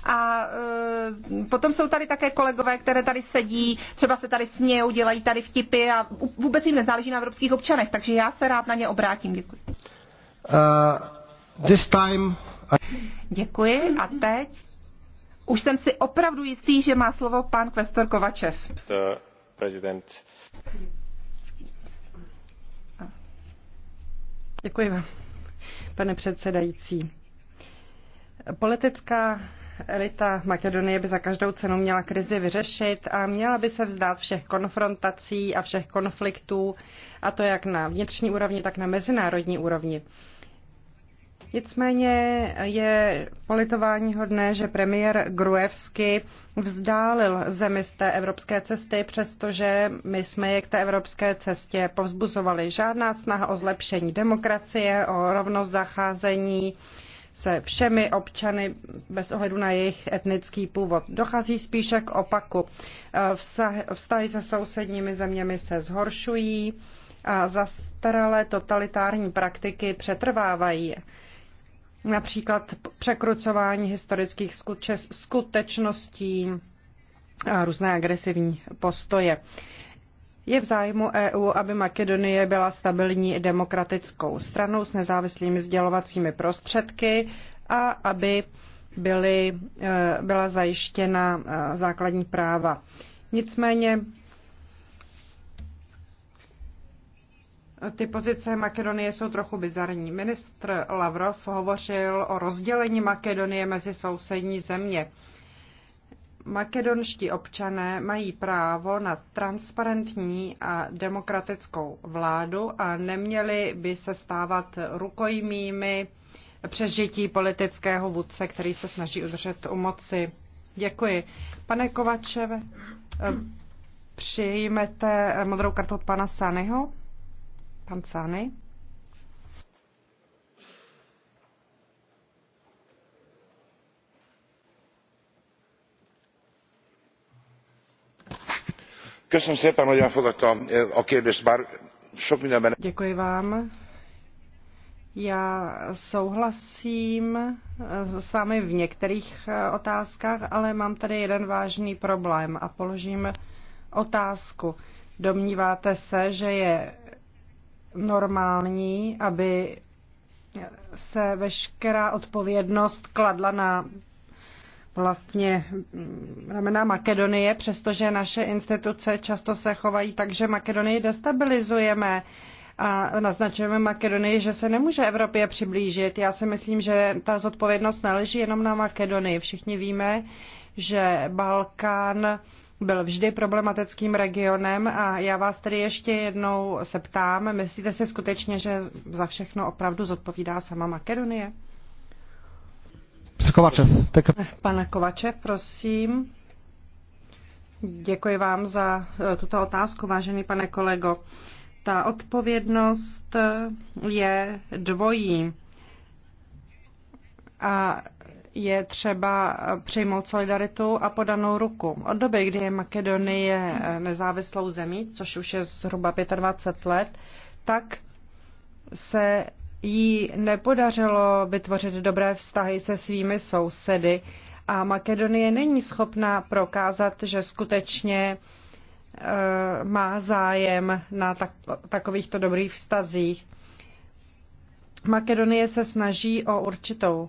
A e, potom jsou tady také kolegové, které tady sedí, třeba se tady smějou, dělají tady vtipy a vůbec jim nezáleží na evropských občanech, takže já se rád na ně obrátím. Děkuji. Uh, this time I... Děkuji a teď už jsem si opravdu jistý, že má slovo pan kvestor Kovačev. Děkuji vám, pane předsedající. Politická elita Makedonie by za každou cenu měla krizi vyřešit a měla by se vzdát všech konfrontací a všech konfliktů, a to jak na vnitřní úrovni, tak na mezinárodní úrovni. Nicméně je politování hodné, že premiér Gruevsky vzdálil zemi z té evropské cesty, přestože my jsme je k té evropské cestě povzbuzovali. Žádná snaha o zlepšení demokracie, o rovnost zacházení se všemi občany bez ohledu na jejich etnický původ. Dochází spíše k opaku. Vztahy se sousedními zeměmi se zhoršují a zastaralé totalitární praktiky přetrvávají například překrucování historických skutečností a různé agresivní postoje. Je v zájmu EU, aby Makedonie byla stabilní demokratickou stranou s nezávislými sdělovacími prostředky a aby byly, e, byla zajištěna e, základní práva. Nicméně Ty pozice Makedonie jsou trochu bizarní. Ministr Lavrov hovořil o rozdělení Makedonie mezi sousední země. Makedonští občané mají právo na transparentní a demokratickou vládu a neměli by se stávat rukojmími přežití politického vůdce, který se snaží udržet u moci. Děkuji. Pane Kovačeve, eh, přijmete modrou kartu od pana Sanyho? Pan Sány. Köszönöm szépen, hogy elfogadta eh, a kérdést, bár sok mindenben... Děkuji vám. Já souhlasím eh, s vámi v některých eh, otázkách, ale mám tady jeden vážný problém a položím otázku. Domníváte se, že je normální, aby se veškerá odpovědnost kladla na vlastně ramena Makedonie, přestože naše instituce často se chovají tak, že Makedonii destabilizujeme a naznačujeme Makedonii, že se nemůže Evropě přiblížit. Já si myslím, že ta zodpovědnost neleží jenom na Makedonii. Všichni víme, že Balkán byl vždy problematickým regionem a já vás tedy ještě jednou se ptám, myslíte si skutečně, že za všechno opravdu zodpovídá sama Makedonie? Kovačev, tak... Pane Kovačev, prosím. Děkuji vám za eh, tuto otázku, vážený pane kolego. Ta odpovědnost eh, je dvojí. A je třeba přejmout solidaritu a podanou ruku. Od doby, kdy je Makedonie nezávislou zemí, což už je zhruba 25 let, tak se jí nepodařilo vytvořit dobré vztahy se svými sousedy a Makedonie není schopná prokázat, že skutečně eh, má zájem na tak, takovýchto dobrých vztazích. Makedonie se snaží o určitou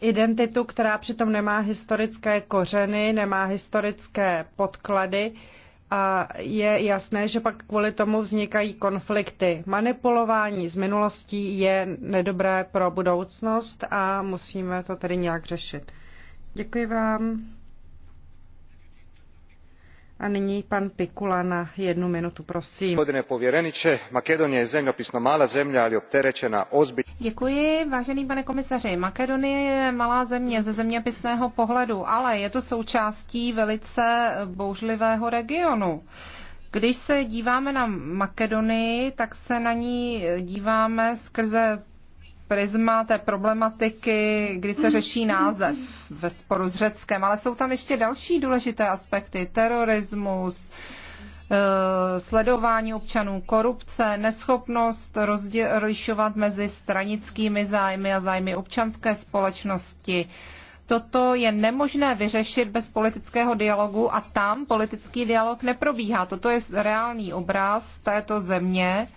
identitu, která přitom nemá historické kořeny, nemá historické podklady a je jasné, že pak kvůli tomu vznikají konflikty. Manipulování z minulostí je nedobré pro budoucnost a musíme to tedy nějak řešit. Děkuji vám. A nyní pan Pikula na jednu minutu, prosím. Gospodine povjereniče, Makedonija je zemljopisno mala zemlja, ali opterećena ozbiljno. Děkuji, vážený pane komisaři. Makedonie je malá země ze zeměpisného pohledu, ale je to součástí velice bouřlivého regionu. Když se díváme na Makedonii, tak se na ní díváme skrze prisma té problematiky, kdy se řeší název ve sporu s Řeckem, ale jsou tam ještě další důležité aspekty. Terorismus, eh, sledování občanů, korupce, neschopnost rozlišovat mezi stranickými zájmy a zájmy občanské společnosti. Toto je nemožné vyřešit bez politického dialogu a tam politický dialog neprobíhá. Toto je reálný obraz této země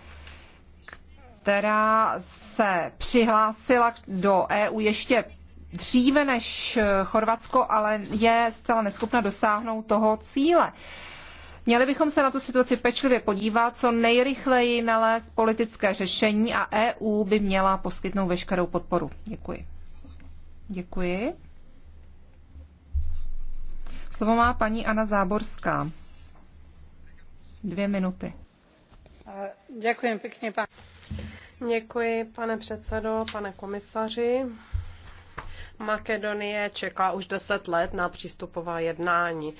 která se přihlásila do EU ještě dříve než Chorvatsko, ale je zcela neschopna dosáhnout toho cíle. Měli bychom se na tu situaci pečlivě podívat, co nejrychleji nalézt politické řešení a EU by měla poskytnout veškerou podporu. Děkuji. Děkuji. Slovo má paní Anna Záborská. Dvě minuty. Děkuji pěkně, pane. Děkuji, pane předsedo, pane komisaři. Makedonie čeká už deset let na přístupová jednání.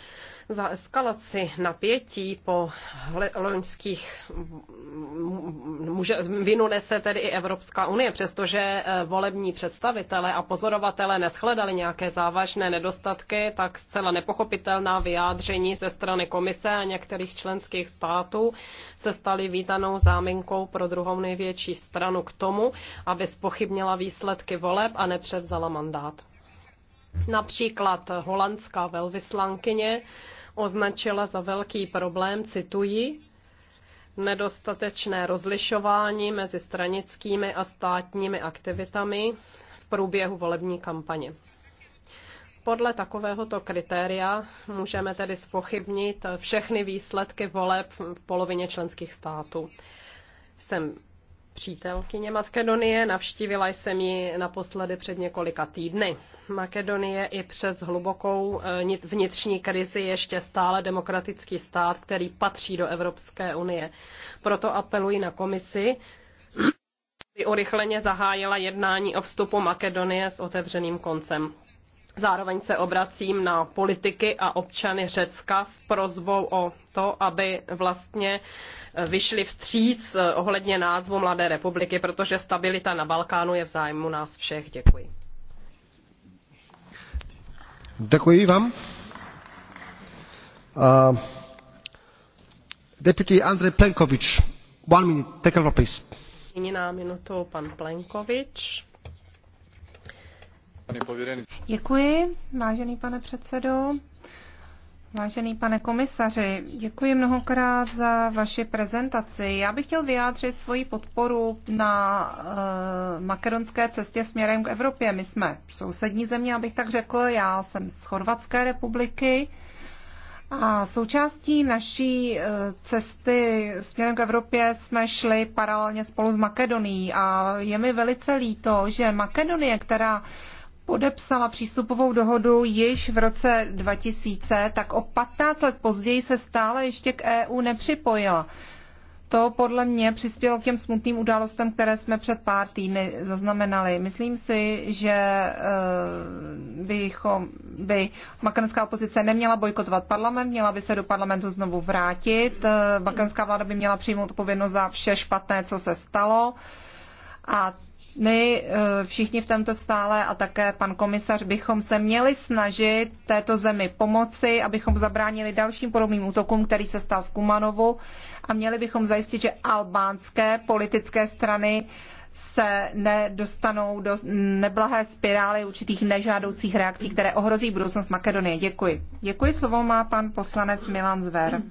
Za eskalaci napětí po loňských může, vinu nese tedy i Evropská unie, přestože eh, volební představitele a pozorovatele neschledali nějaké závažné nedostatky, tak zcela nepochopitelná vyjádření ze strany komise a některých členských států se staly vítanou záminkou pro druhou největší stranu k tomu, aby spochybnila výsledky voleb a nepřevzala mandát. Například holandská velvyslankyně označila za velký problém, cituji, nedostatečné rozlišování mezi stranickými a státními aktivitami v průběhu volební kampaně. Podle takovéhoto kritéria můžeme tedy spochybnit všechny výsledky voleb v polovině členských států. Jsem přítelkyně Makedonie, navštívila jsem ji naposledy před několika týdny. Makedonie i přes hlubokou eh, vnitřní krizi ještě stále demokratický stát, který patří do Evropské unie. Proto apeluji na komisi, aby urychleně zahájila jednání o vstupu Makedonie s otevřeným koncem. Zároveň se obracím na politiky a občany Řecka s prozbou o to, aby vlastně eh, vyšli vstříc eh, ohledně názvu Mladé republiky, protože stabilita na Balkánu je v zájmu nás všech. Děkuji. Děkuji vám. Uh, deputy Andrej Plenkovič, one minute, take over please. Jiná minutu, pan Plenkovič. Děkuji, vážený pane předsedo. Vážený pane komisaři, děkuji mnohokrát za vaši prezentaci. Já bych chtěl vyjádřit svoji podporu na uh, makedonské cestě směrem k Evropě. My jsme sousední země, abych tak řekl. Já jsem z Chorvatské republiky. A součástí naší eh, cesty směrem k Evropě jsme šli paralelně spolu s Makedonií a je mi velice líto, že Makedonie, která podepsala přístupovou dohodu již v roce 2000, tak o 15 let později se stále ještě k EU nepřipojila. To podle mě přispělo k těm smutným událostem, které jsme před pár týdny zaznamenali. Myslím si, že eh, bychom, by makedonská opozice neměla bojkotovat parlament, měla by se do parlamentu znovu vrátit. Eh, makedonská vláda by měla přijmout odpovědnost za vše špatné, co se stalo. A my eh, všichni v tomto stále a také pan komisař bychom se měli snažit této zemi pomoci, abychom zabránili dalším podobným útokům, který se stal v Kumanovu a měli bychom zajistit, že albánské politické strany se nedostanou do neblahé spirály určitých nežádoucích reakcí, které ohrozí budoucnost Makedonie. Děkuji. Děkuji. Slovo má pan poslanec Milan Zver.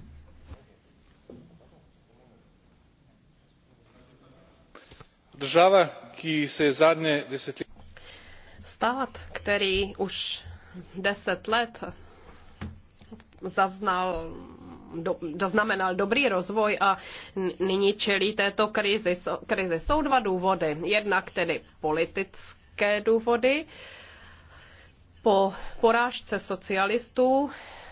Država Stát, který už deset let zaznal, do, zaznamenal dobrý rozvoj a nyní čelí této krizi. krizi. Jsou dva důvody. Jednak tedy politické důvody. Po porážce socialistů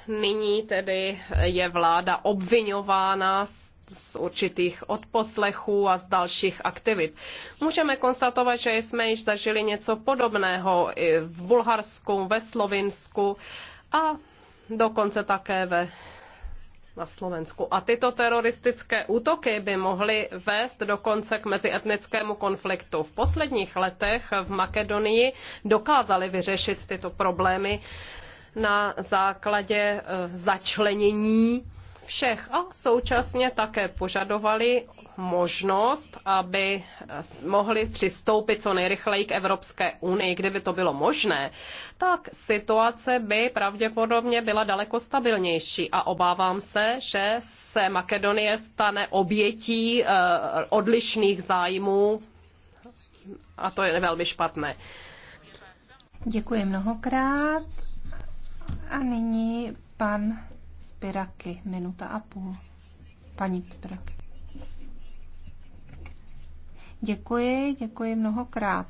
nyní tedy je vláda obvinována z z určitých odposlechů a z dalších aktivit. Můžeme konstatovat, že jsme již zažili něco podobného i v Bulharsku, ve Slovinsku a dokonce také ve na Slovensku. A tyto teroristické útoky by mohly vést dokonce k mezietnickému konfliktu. V posledních letech v Makedonii dokázali vyřešit tyto problémy na základě e, začlenění všech a současně také požadovali možnost, aby mohli přistoupit co nejrychleji k Evropské unii. Kdyby to bylo možné, tak situace by pravděpodobně byla daleko stabilnější a obávám se, že se Makedonie stane obětí eh, odlišných zájmů a to je velmi špatné. Děkuji mnohokrát. A nyní pan Spiraky, minuta a půl. Paní Spiraky. Děkuji, děkuji mnohokrát.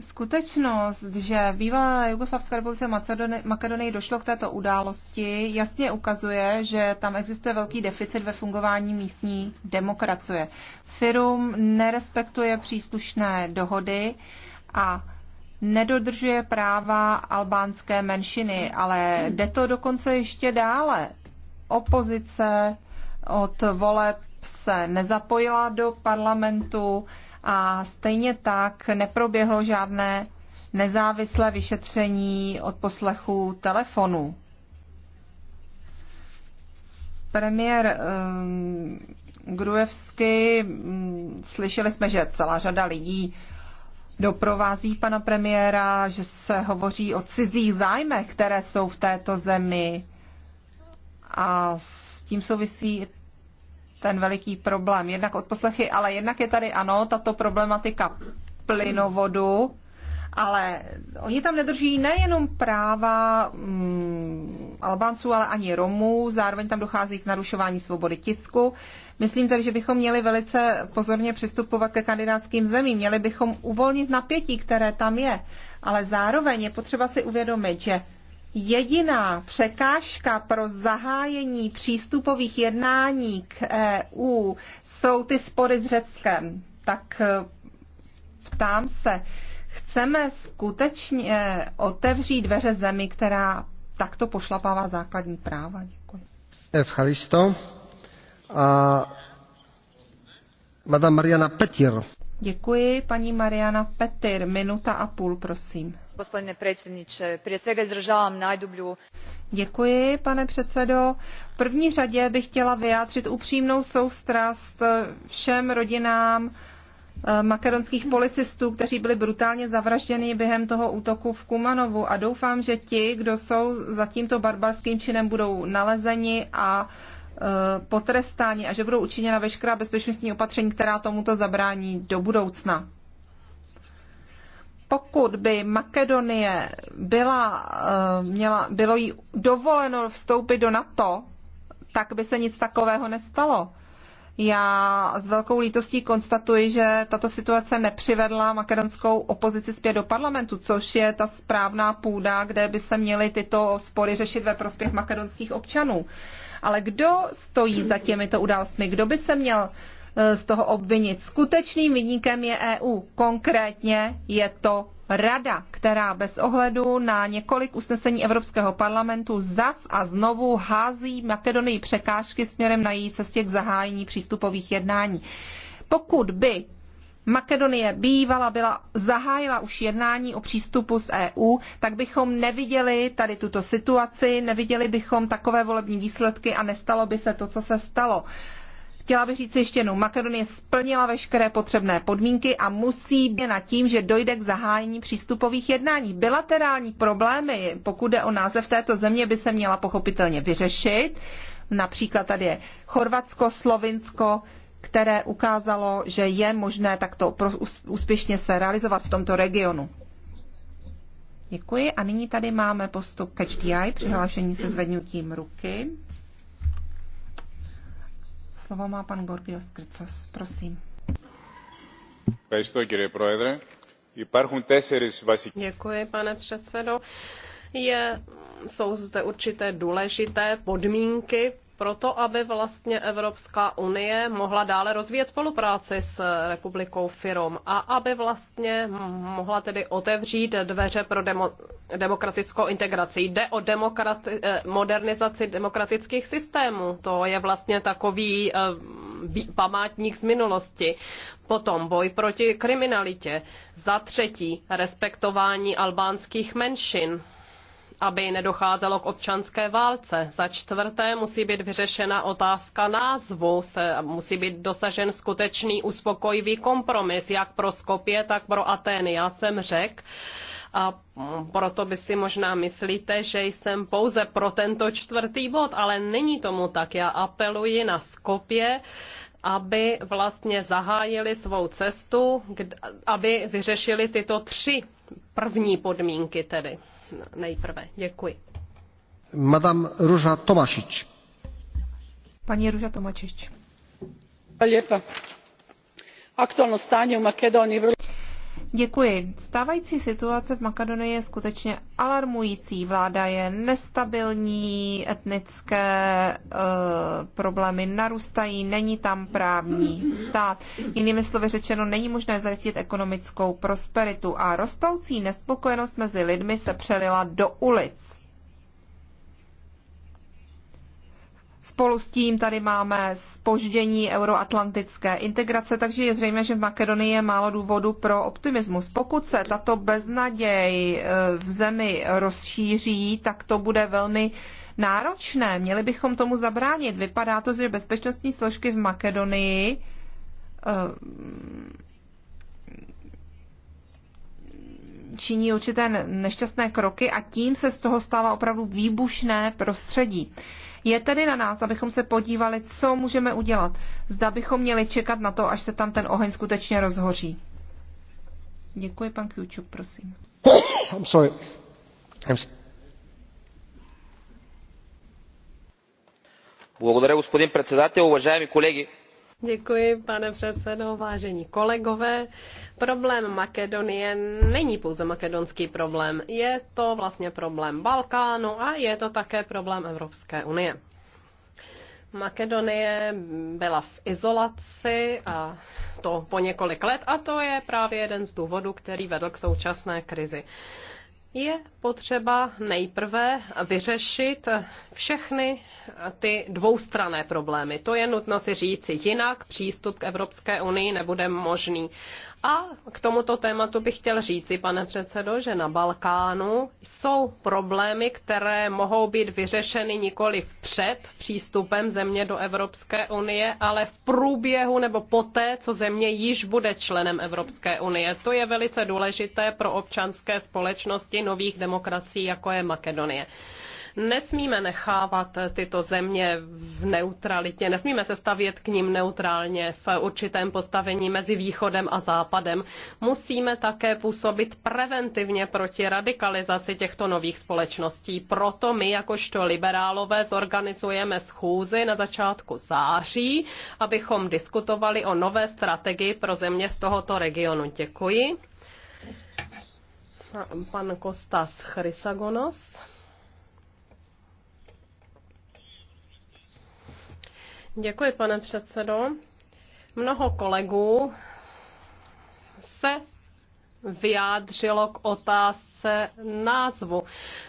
Skutečnost, že v bývalé Jugoslavské republice Makedonii došlo k této události, jasně ukazuje, že tam existuje velký deficit ve fungování místní demokracie. Firum nerespektuje příslušné dohody a nedodržuje práva albánské menšiny, ale jde to dokonce ještě dále. Opozice od voleb se nezapojila do parlamentu a stejně tak neproběhlo žádné nezávislé vyšetření od poslechu telefonu. Premiér um, ehm, Gruevsky, um, mm, slyšeli jsme, že celá řada lidí uh, doprovází pana premiéra, že se hovoří o cizích zájmech, které jsou v této zemi. A s tím souvisí ten veliký problém. Jednak odposlechy, ale jednak je tady ano, tato problematika plynovodu, ale oni tam nedrží nejenom práva mm, Albánců, ale ani Romů, zároveň tam dochází k narušování svobody tisku. Myslím tedy, že bychom měli velice pozorně přistupovat ke kandidátským zemím. Měli bychom uvolnit napětí, které tam je. Ale zároveň je potřeba si uvědomit, že jediná překážka pro zahájení přístupových jednání k EU jsou ty spory s Řeckem. Tak eh, ptám se, chceme skutečně eh, otevřít dveře zemi, která takto pošlapává základní práva? Děkuji. A Madame Mariana Petir. Děkuji, paní Mariana Petir. Minuta a půl, prosím. Gospodine predsjedniče, prije svega izražavam najdublju... Děkuji, pane předsedo. V první řadě bych chtěla vyjádřit upřímnou soustrast všem rodinám eh, makedonských policistů, kteří byli brutálně zavražděni během toho útoku v Kumanovu a doufám, že ti, kdo jsou za tímto barbarským činem, budou nalezeni a uh, Eh, potrestáni a že budou učiněna veškerá bezpečnostní opatření, která tomuto zabrání do budoucna. Pokud by Makedonie byla, eh, měla, bylo jí dovoleno vstoupit do NATO, tak by se nic takového nestalo. Já s velkou lítostí konstatuji, že tato situace nepřivedla makedonskou opozici zpět do parlamentu, což je ta správná půda, kde by se měly tyto spory řešit ve prospěch makedonských občanů. Ale kdo stojí za těmito událostmi? Kdo by se měl eh, z toho obvinit? Skutečným vyníkem je EU. Konkrétně je to Rada, která bez ohledu na několik usnesení Evropského parlamentu zas a znovu hází Makedonii překážky směrem na její cestě k zahájení přístupových jednání. Pokud by Makedonie bývala byla zahájila už jednání o přístupu z EU, tak bychom neviděli tady tuto situaci, neviděli bychom takové volební výsledky a nestalo by se to, co se stalo. Chtěla bych říct ještě jednou, Makedonie splnila veškeré potřebné podmínky a musí být nad tím, že dojde k zahájení přístupových jednání. Bilaterální problémy, pokud jde o název této země, by se měla pochopitelně vyřešit. Například tady je Chorvatsko, Slovinsko, které ukázalo, že je možné takto úspěšně se realizovat v tomto regionu. Děkuji a nyní tady máme postup Catch the Eye, přihlášení se zvednutím ruky. Slovo má pan Gorgios Krycos, prosím. Děkuji, pane předsedo. Je, jsou zde určité důležité podmínky proto, aby vlastně Evropská unie mohla dále rozvíjet spolupráci s republikou Firom a aby vlastně mohla tedy otevřít dveře pro demo, demokratickou integraci. Jde o demokrati, eh, modernizaci demokratických systémů. To je vlastně takový eh, památník z minulosti. Potom boj proti kriminalitě. Za třetí respektování albánských menšin aby nedocházelo k občanské válce. Za čtvrté musí být vyřešena otázka názvu, se, musí být dosažen skutečný uspokojivý kompromis, jak pro Skopje, tak pro Atény. Já jsem řekl, a proto by si možná myslíte, že jsem pouze pro tento čtvrtý bod, ale není tomu tak. Já apeluji na Skopje, aby vlastně zahájili svou cestu, aby vyřešili tyto tři první podmínky tedy nejprve. Děkuji. Madame Ruža Tomašič. Paní Ruža Tomašič. Hvala lijepa. Aktualno stanje u Makedoniji vrlo Děkuji. Stávající situace v Makedonii je skutečně alarmující. Vláda je nestabilní, etnické e, problémy narůstají, není tam právní stát. Jinými slovy řečeno, není možné zajistit ekonomickou prosperitu a rostoucí nespokojenost mezi lidmi se přelila do ulic. Spolu s tím tady máme spoždění euroatlantické integrace, takže je zřejmé, že v Makedonii je málo důvodu pro optimismus. Pokud se tato beznaděj eh, v zemi rozšíří, tak to bude velmi náročné. Měli bychom tomu zabránit. Vypadá to, že bezpečnostní složky v Makedonii eh, činí určité nešťastné kroky a tím se z toho stává opravdu výbušné prostředí. Je tedy na nás, abychom se podívali, co můžeme udělat. Zda bychom měli čekat na to, až se tam ten oheň skutečně rozhoří. Děkuji, pan Kjučuk, prosím. I'm sorry. I'm... Благодаря, господин председател. Уважаеми колеги, Děkuji, pane předsedo, vážení kolegové. Problém Makedonie není pouze makedonský problém, je to vlastně problém Balkánu a je to také problém Evropské unie. Makedonie byla v izolaci a to po několik let a to je právě jeden z důvodů, který vedl k současné krizi je potřeba nejprve vyřešit všechny ty dvoustrané problémy. To je nutno si říci, jinak přístup k Evropské unii nebude možný. A k tomuto tématu bych chtěl říci, pane předsedo, že na Balkánu jsou problémy, které mohou být vyřešeny nikoli před přístupem země do Evropské unie, ale v průběhu nebo poté, co země již bude členem Evropské unie. To je velice důležité pro občanské společnosti nových demokracií, jako je Makedonie nesmíme nechávat tyto země v neutralitě, nesmíme se stavět k ním neutrálně v určitém postavení mezi východem a západem. Musíme také působit preventivně proti radikalizaci těchto nových společností. Proto my, jakožto liberálové, zorganizujeme schůzy na začátku září, abychom diskutovali o nové strategii pro země z tohoto regionu. Děkuji pan Kostas Chrysagonos. Děkuji, pane předsedo. Mnoho kolegů se vyjádřilo k otázce názvu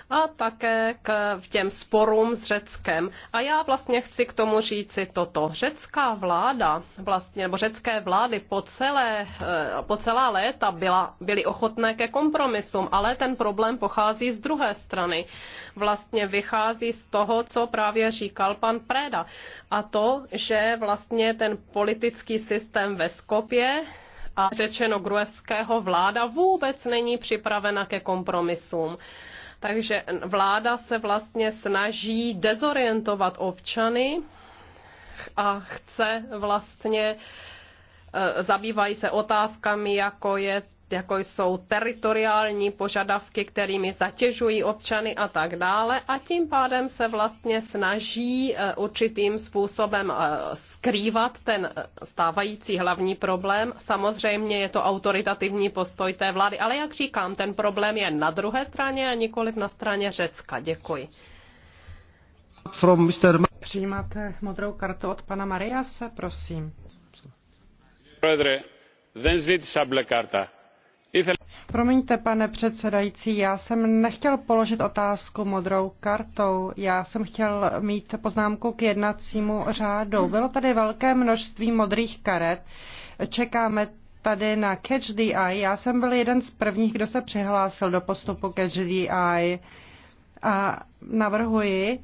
a také k těm sporům s Řeckem. A já vlastně chci k tomu říci toto. Řecká vláda, vlastně, nebo řecké vlády po, celé, eh, po celá léta byla, byly ochotné ke kompromisům, ale ten problém pochází z druhé strany. Vlastně vychází z toho, co právě říkal pan Preda. A to, že vlastně ten politický systém ve Skopě a řečeno gruevského vláda vůbec není připravena ke kompromisům. Takže vláda se vlastně snaží dezorientovat občany a chce vlastně, e, zabývají se otázkami, jako je jako jsou teritoriální požadavky, kterými zatěžují občany a tak dále a tím pádem se vlastně snaží eh, určitým způsobem eh, skrývat ten eh, stávající hlavní problém. Samozřejmě je to autoritativní postoj té vlády, ale jak říkám, ten problém je na druhé straně a nikoliv na straně Řecka. Děkuji. From Mr. Přijímáte modrou kartu od pana Mariase, prosím. Prodre, δεν ζήτησα μπλε Promiňte, pane předsedající, já jsem nechtěl položit otázku modrou kartou. Já jsem chtěl mít poznámku k jednacímu řádu. Bylo tady velké množství modrých karet. Čekáme tady na Catch the Eye. Já jsem byl jeden z prvních, kdo se přihlásil do postupu Catch the Eye. A navrhuji,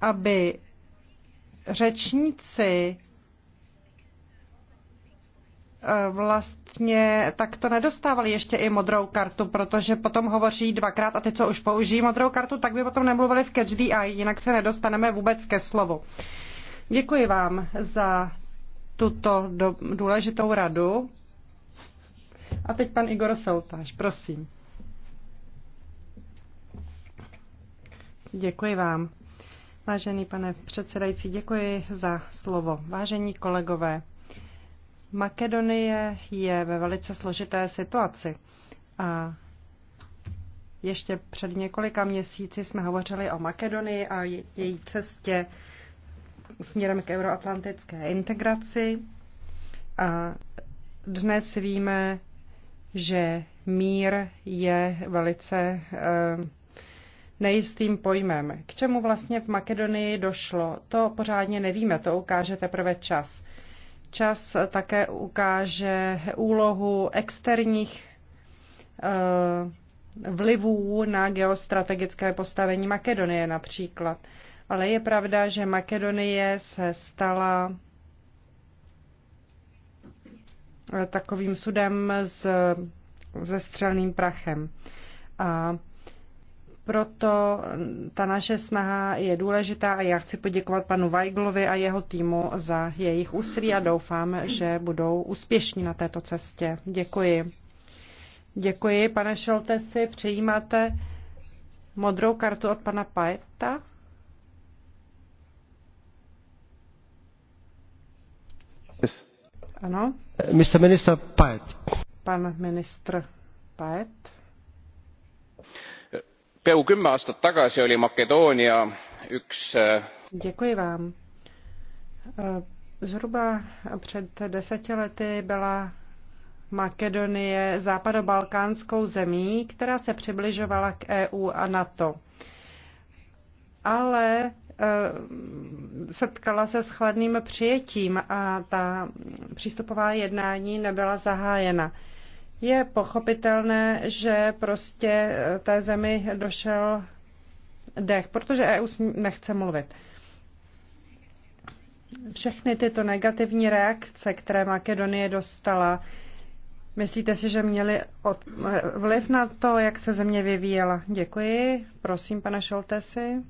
aby řečníci vlastně vlastně takto nedostávali ještě i modrou kartu, protože potom hovoří dvakrát a ty, co už použijí modrou kartu, tak by potom nemluvili v Catch the Eye, jinak se nedostaneme vůbec ke slovu. Děkuji vám za tuto do, důležitou radu. A teď pan Igor Soltáš, prosím. Děkuji vám. Vážený pane předsedající, děkuji za slovo. Vážení kolegové, Makedonie je ve velice složité situaci a ještě před několika měsíci jsme hovořili o Makedonii a její cestě směrem k euroatlantické integraci. A dnes víme, že mír je velice eh, nejistým pojmem. K čemu vlastně v Makedonii došlo, to pořádně nevíme, to ukáže teprve čas. Čas také ukáže úlohu externích eh, vlivů na geostrategické postavení Makedonie například. Ale je pravda, že Makedonie se stala eh, takovým sudem s, se střelným prachem. A proto ta naše snaha je důležitá a já chci poděkovat panu Weiglovi a jeho týmu za jejich úsilí a doufám, že budou úspěšní na této cestě. Děkuji. Děkuji, pane Šoltesi. Přijímáte modrou kartu od pana Paeta? Ano. Mr. Minister Paet. Pan ministr Paet peaaegu kümme aastat tagasi oli makedoonia üks äh, äh, Zhruba před deseti lety byla Makedonie západobalkánskou zemí, která se přibližovala k EU a NATO. Ale äh, setkala se s chladným přijetím a ta přístupová jednání nebyla zahájena. Je pochopitelné, že prostě eh, té zemi došel dech, protože EU s ní nechce mluvit. Všechny tyto negativní reakce, které Makedonie dostala, myslíte si, že měly vliv na to, jak se země vyvíjela? Děkuji. Prosím, pane Šoltesi.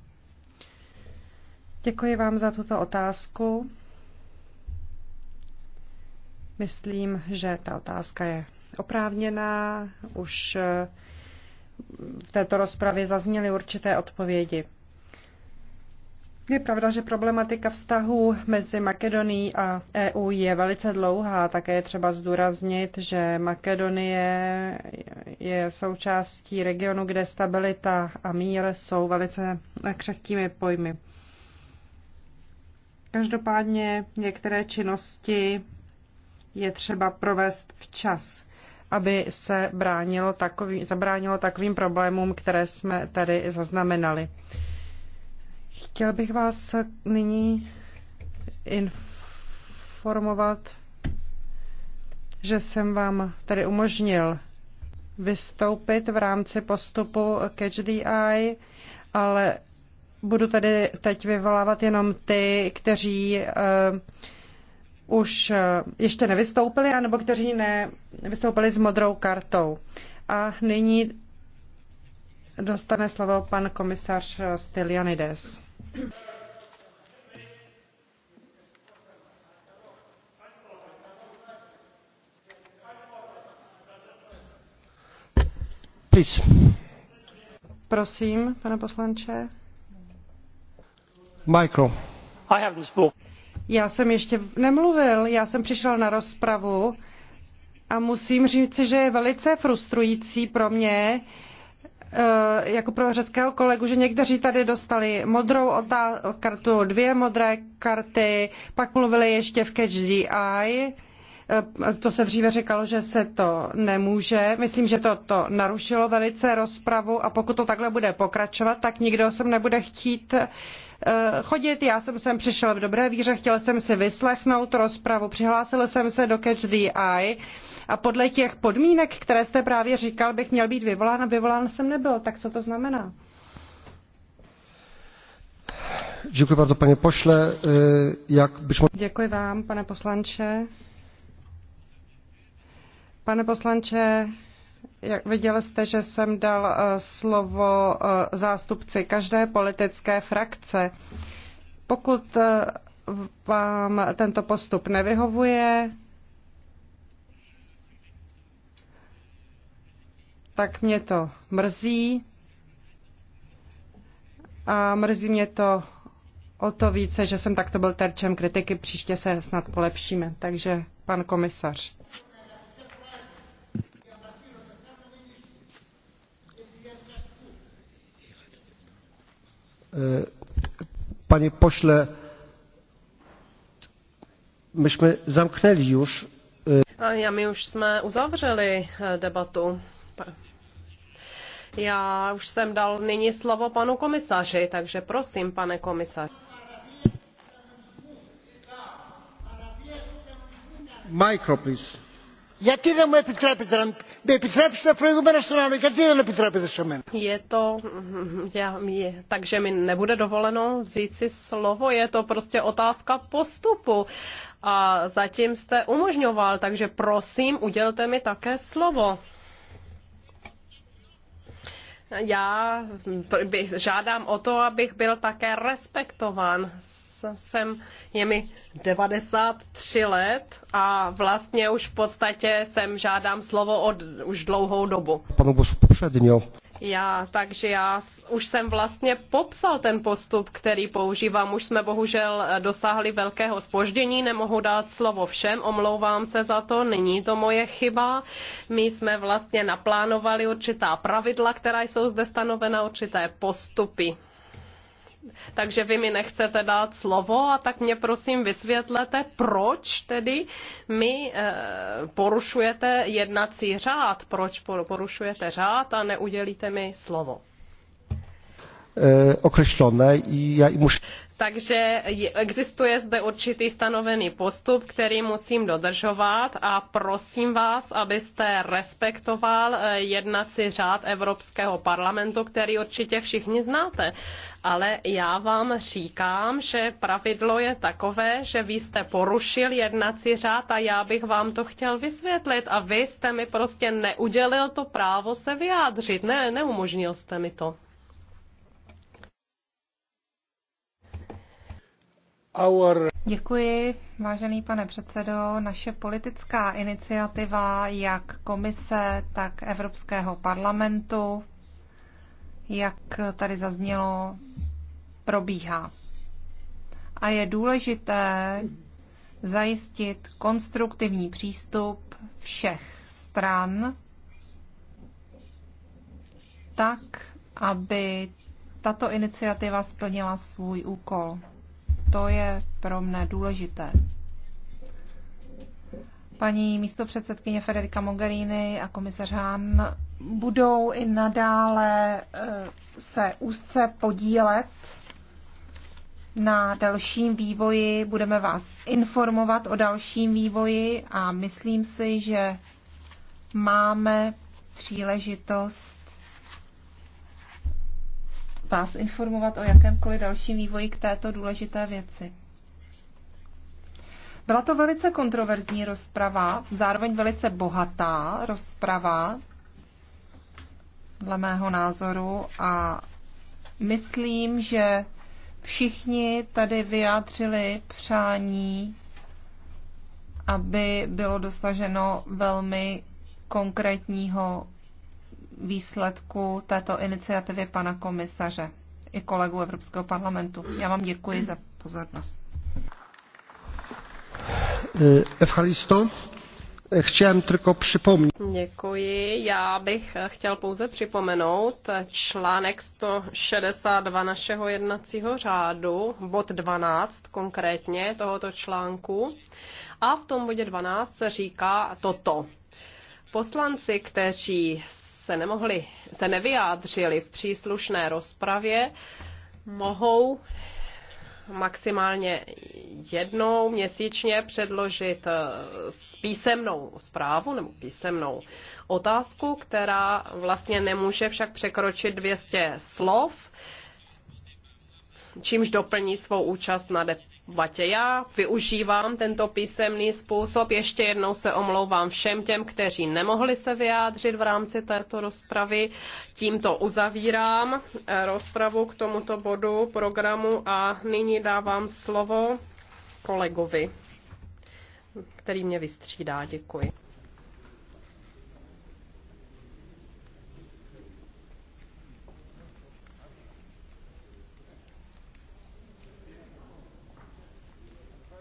Děkuji vám za tuto otázku. Myslím, že ta otázka je oprávněná. Už eh, v této rozpravě zazněly určité odpovědi. Je pravda, že problematika vztahu mezi Makedonií a EU je velice dlouhá. Také je třeba zdůraznit, že Makedonie je součástí regionu, kde stabilita a mír jsou velice křehkými pojmy. Každopádně některé činnosti je třeba provést včas aby se bránilo takový, zabránilo takovým problémům, které jsme tady zaznamenali. Chtěl bych vás nyní informovat, že jsem vám tady umožnil vystoupit v rámci postupu Catch the Eye, ale budu tady teď vyvolávat jenom ty, kteří uh, už eh, ještě nevystoupili, anebo kteří nevystoupili s modrou kartou. A nyní dostane slovo pan komisař Stylianides. Please. Prosím, pane poslanče. Micro. I haven't spoken. Já jsem ještě nemluvil, já jsem přišel na rozpravu a musím říci, že je velice frustrující pro mě, eh, jako pro řeckého kolegu, že někteří tady dostali modrou kartu, dvě modré karty, pak mluvili ještě v Catch the Eye. Eh, to se dříve říkalo, že se to nemůže. Myslím, že to, to narušilo velice rozpravu a pokud to takhle bude pokračovat, tak nikdo sem nebude chtít Eh, chodit. Já jsem sem přišel v dobré víře, chtěl jsem si vyslechnout rozpravu, přihlásil jsem se do Catch the Eye a podle těch podmínek, které jste právě říkal, bych měl být vyvolán a vyvolán jsem nebyl. Tak co to znamená? Děkuji vám, pane pošle. Eh, jak byš... Děkuji vám, pane poslanče. Pane poslanče, Viděli jste, že jsem dal eh, slovo eh, zástupci každé politické frakce. Pokud eh, vám tento postup nevyhovuje, tak mě to mrzí. A mrzí mě to o to více, že jsem takto byl terčem kritiky. Příště se snad polepšíme. Takže pan komisař. E, panie pośle, myśmy zamknęli już. E, a my już jsme uzavřeli e, debatu. Já už jsem dal nyní slovo panu komisaři, takže prosím, pane komisaři. Micro, please. Γιατί δεν μου επιτρέπετε να με επιτρέψετε προηγούμενα στον άλλο, γιατί δεν επιτρέπετε σε μένα. Je to, já, je, takže mi nebude dovoleno vzít si slovo, je to prostě otázka postupu. A zatím jste umožňoval, takže prosím, udělte mi také slovo. Já žádám o to, abych byl také respektován jsem, je mi 93 let a vlastně už v podstatě jsem žádám slovo od už dlouhou dobu. Panu popředňo. Já, takže já už jsem vlastně popsal ten postup, který používám. Už jsme bohužel eh, dosáhli velkého spoždění, nemohu dát slovo všem, omlouvám se za to, není to moje chyba. My jsme vlastně naplánovali určitá pravidla, která jsou zde stanovena, určité postupy takže vy mi nechcete dát slovo a tak mě prosím vysvětlete, proč tedy mi eh, porušujete jednací řád, proč porušujete řád a neudělíte mi slovo. E, określone i ja muszę... Takže existuje zde určitý stanovený postup, který musím dodržovat a prosím vás, abyste respektoval eh, jednací řád Evropského parlamentu, který určitě všichni znáte. Ale já vám říkám, že pravidlo je takové, že vy jste porušil jednací řád a já bych vám to chtěl vysvětlit a vy jste mi prostě neudělil to právo se vyjádřit. Ne, neumožnil jste mi to. Děkuji, vážený pane předsedo. Naše politická iniciativa jak komise, tak Evropského parlamentu, jak tady zaznělo, probíhá. A je důležité zajistit konstruktivní přístup všech stran tak, aby tato iniciativa splnila svůj úkol to je pro mne důležité. Paní místopředsedkyně Federica Mogherini a komisař Hahn budou i nadále eh, se úzce podílet na dalším vývoji, budeme vás informovat o dalším vývoji a myslím si, že máme příležitost vás informovat o jakémkoliv dalším vývoji k této důležité věci. Byla to velice kontroverzní rozprava, zároveň velice bohatá rozprava, dle mého názoru, a myslím, že všichni tady vyjádřili přání, aby bylo dosaženo velmi konkrétního výsledku této iniciativy pana komisaře i kolegů Evropského parlamentu. Já vám děkuji za pozornost. Eh, Evcharisto, eh, chtěl tylko připomnět. Děkuji. Já bych chtěl pouze připomenout článek 162 našeho jednacího řádu, bod 12 konkrétně tohoto článku. A v tom bodě 12 se říká toto. Poslanci, kteří se nemohli, se nevyjádřili v příslušné rozpravě, mohou maximálně jednou měsíčně předložit eh, písemnou zprávu nebo písemnou otázku, která vlastně nemůže však překročit 200 slov, čímž doplní svou účast na Vatě. Já využívám tento písemný způsob. Ještě jednou se omlouvám všem těm, kteří nemohli se vyjádřit v rámci této rozpravy. Tímto uzavírám eh, rozpravu k tomuto bodu programu a nyní dávám slovo kolegovi, který mě vystřídá. Děkuji.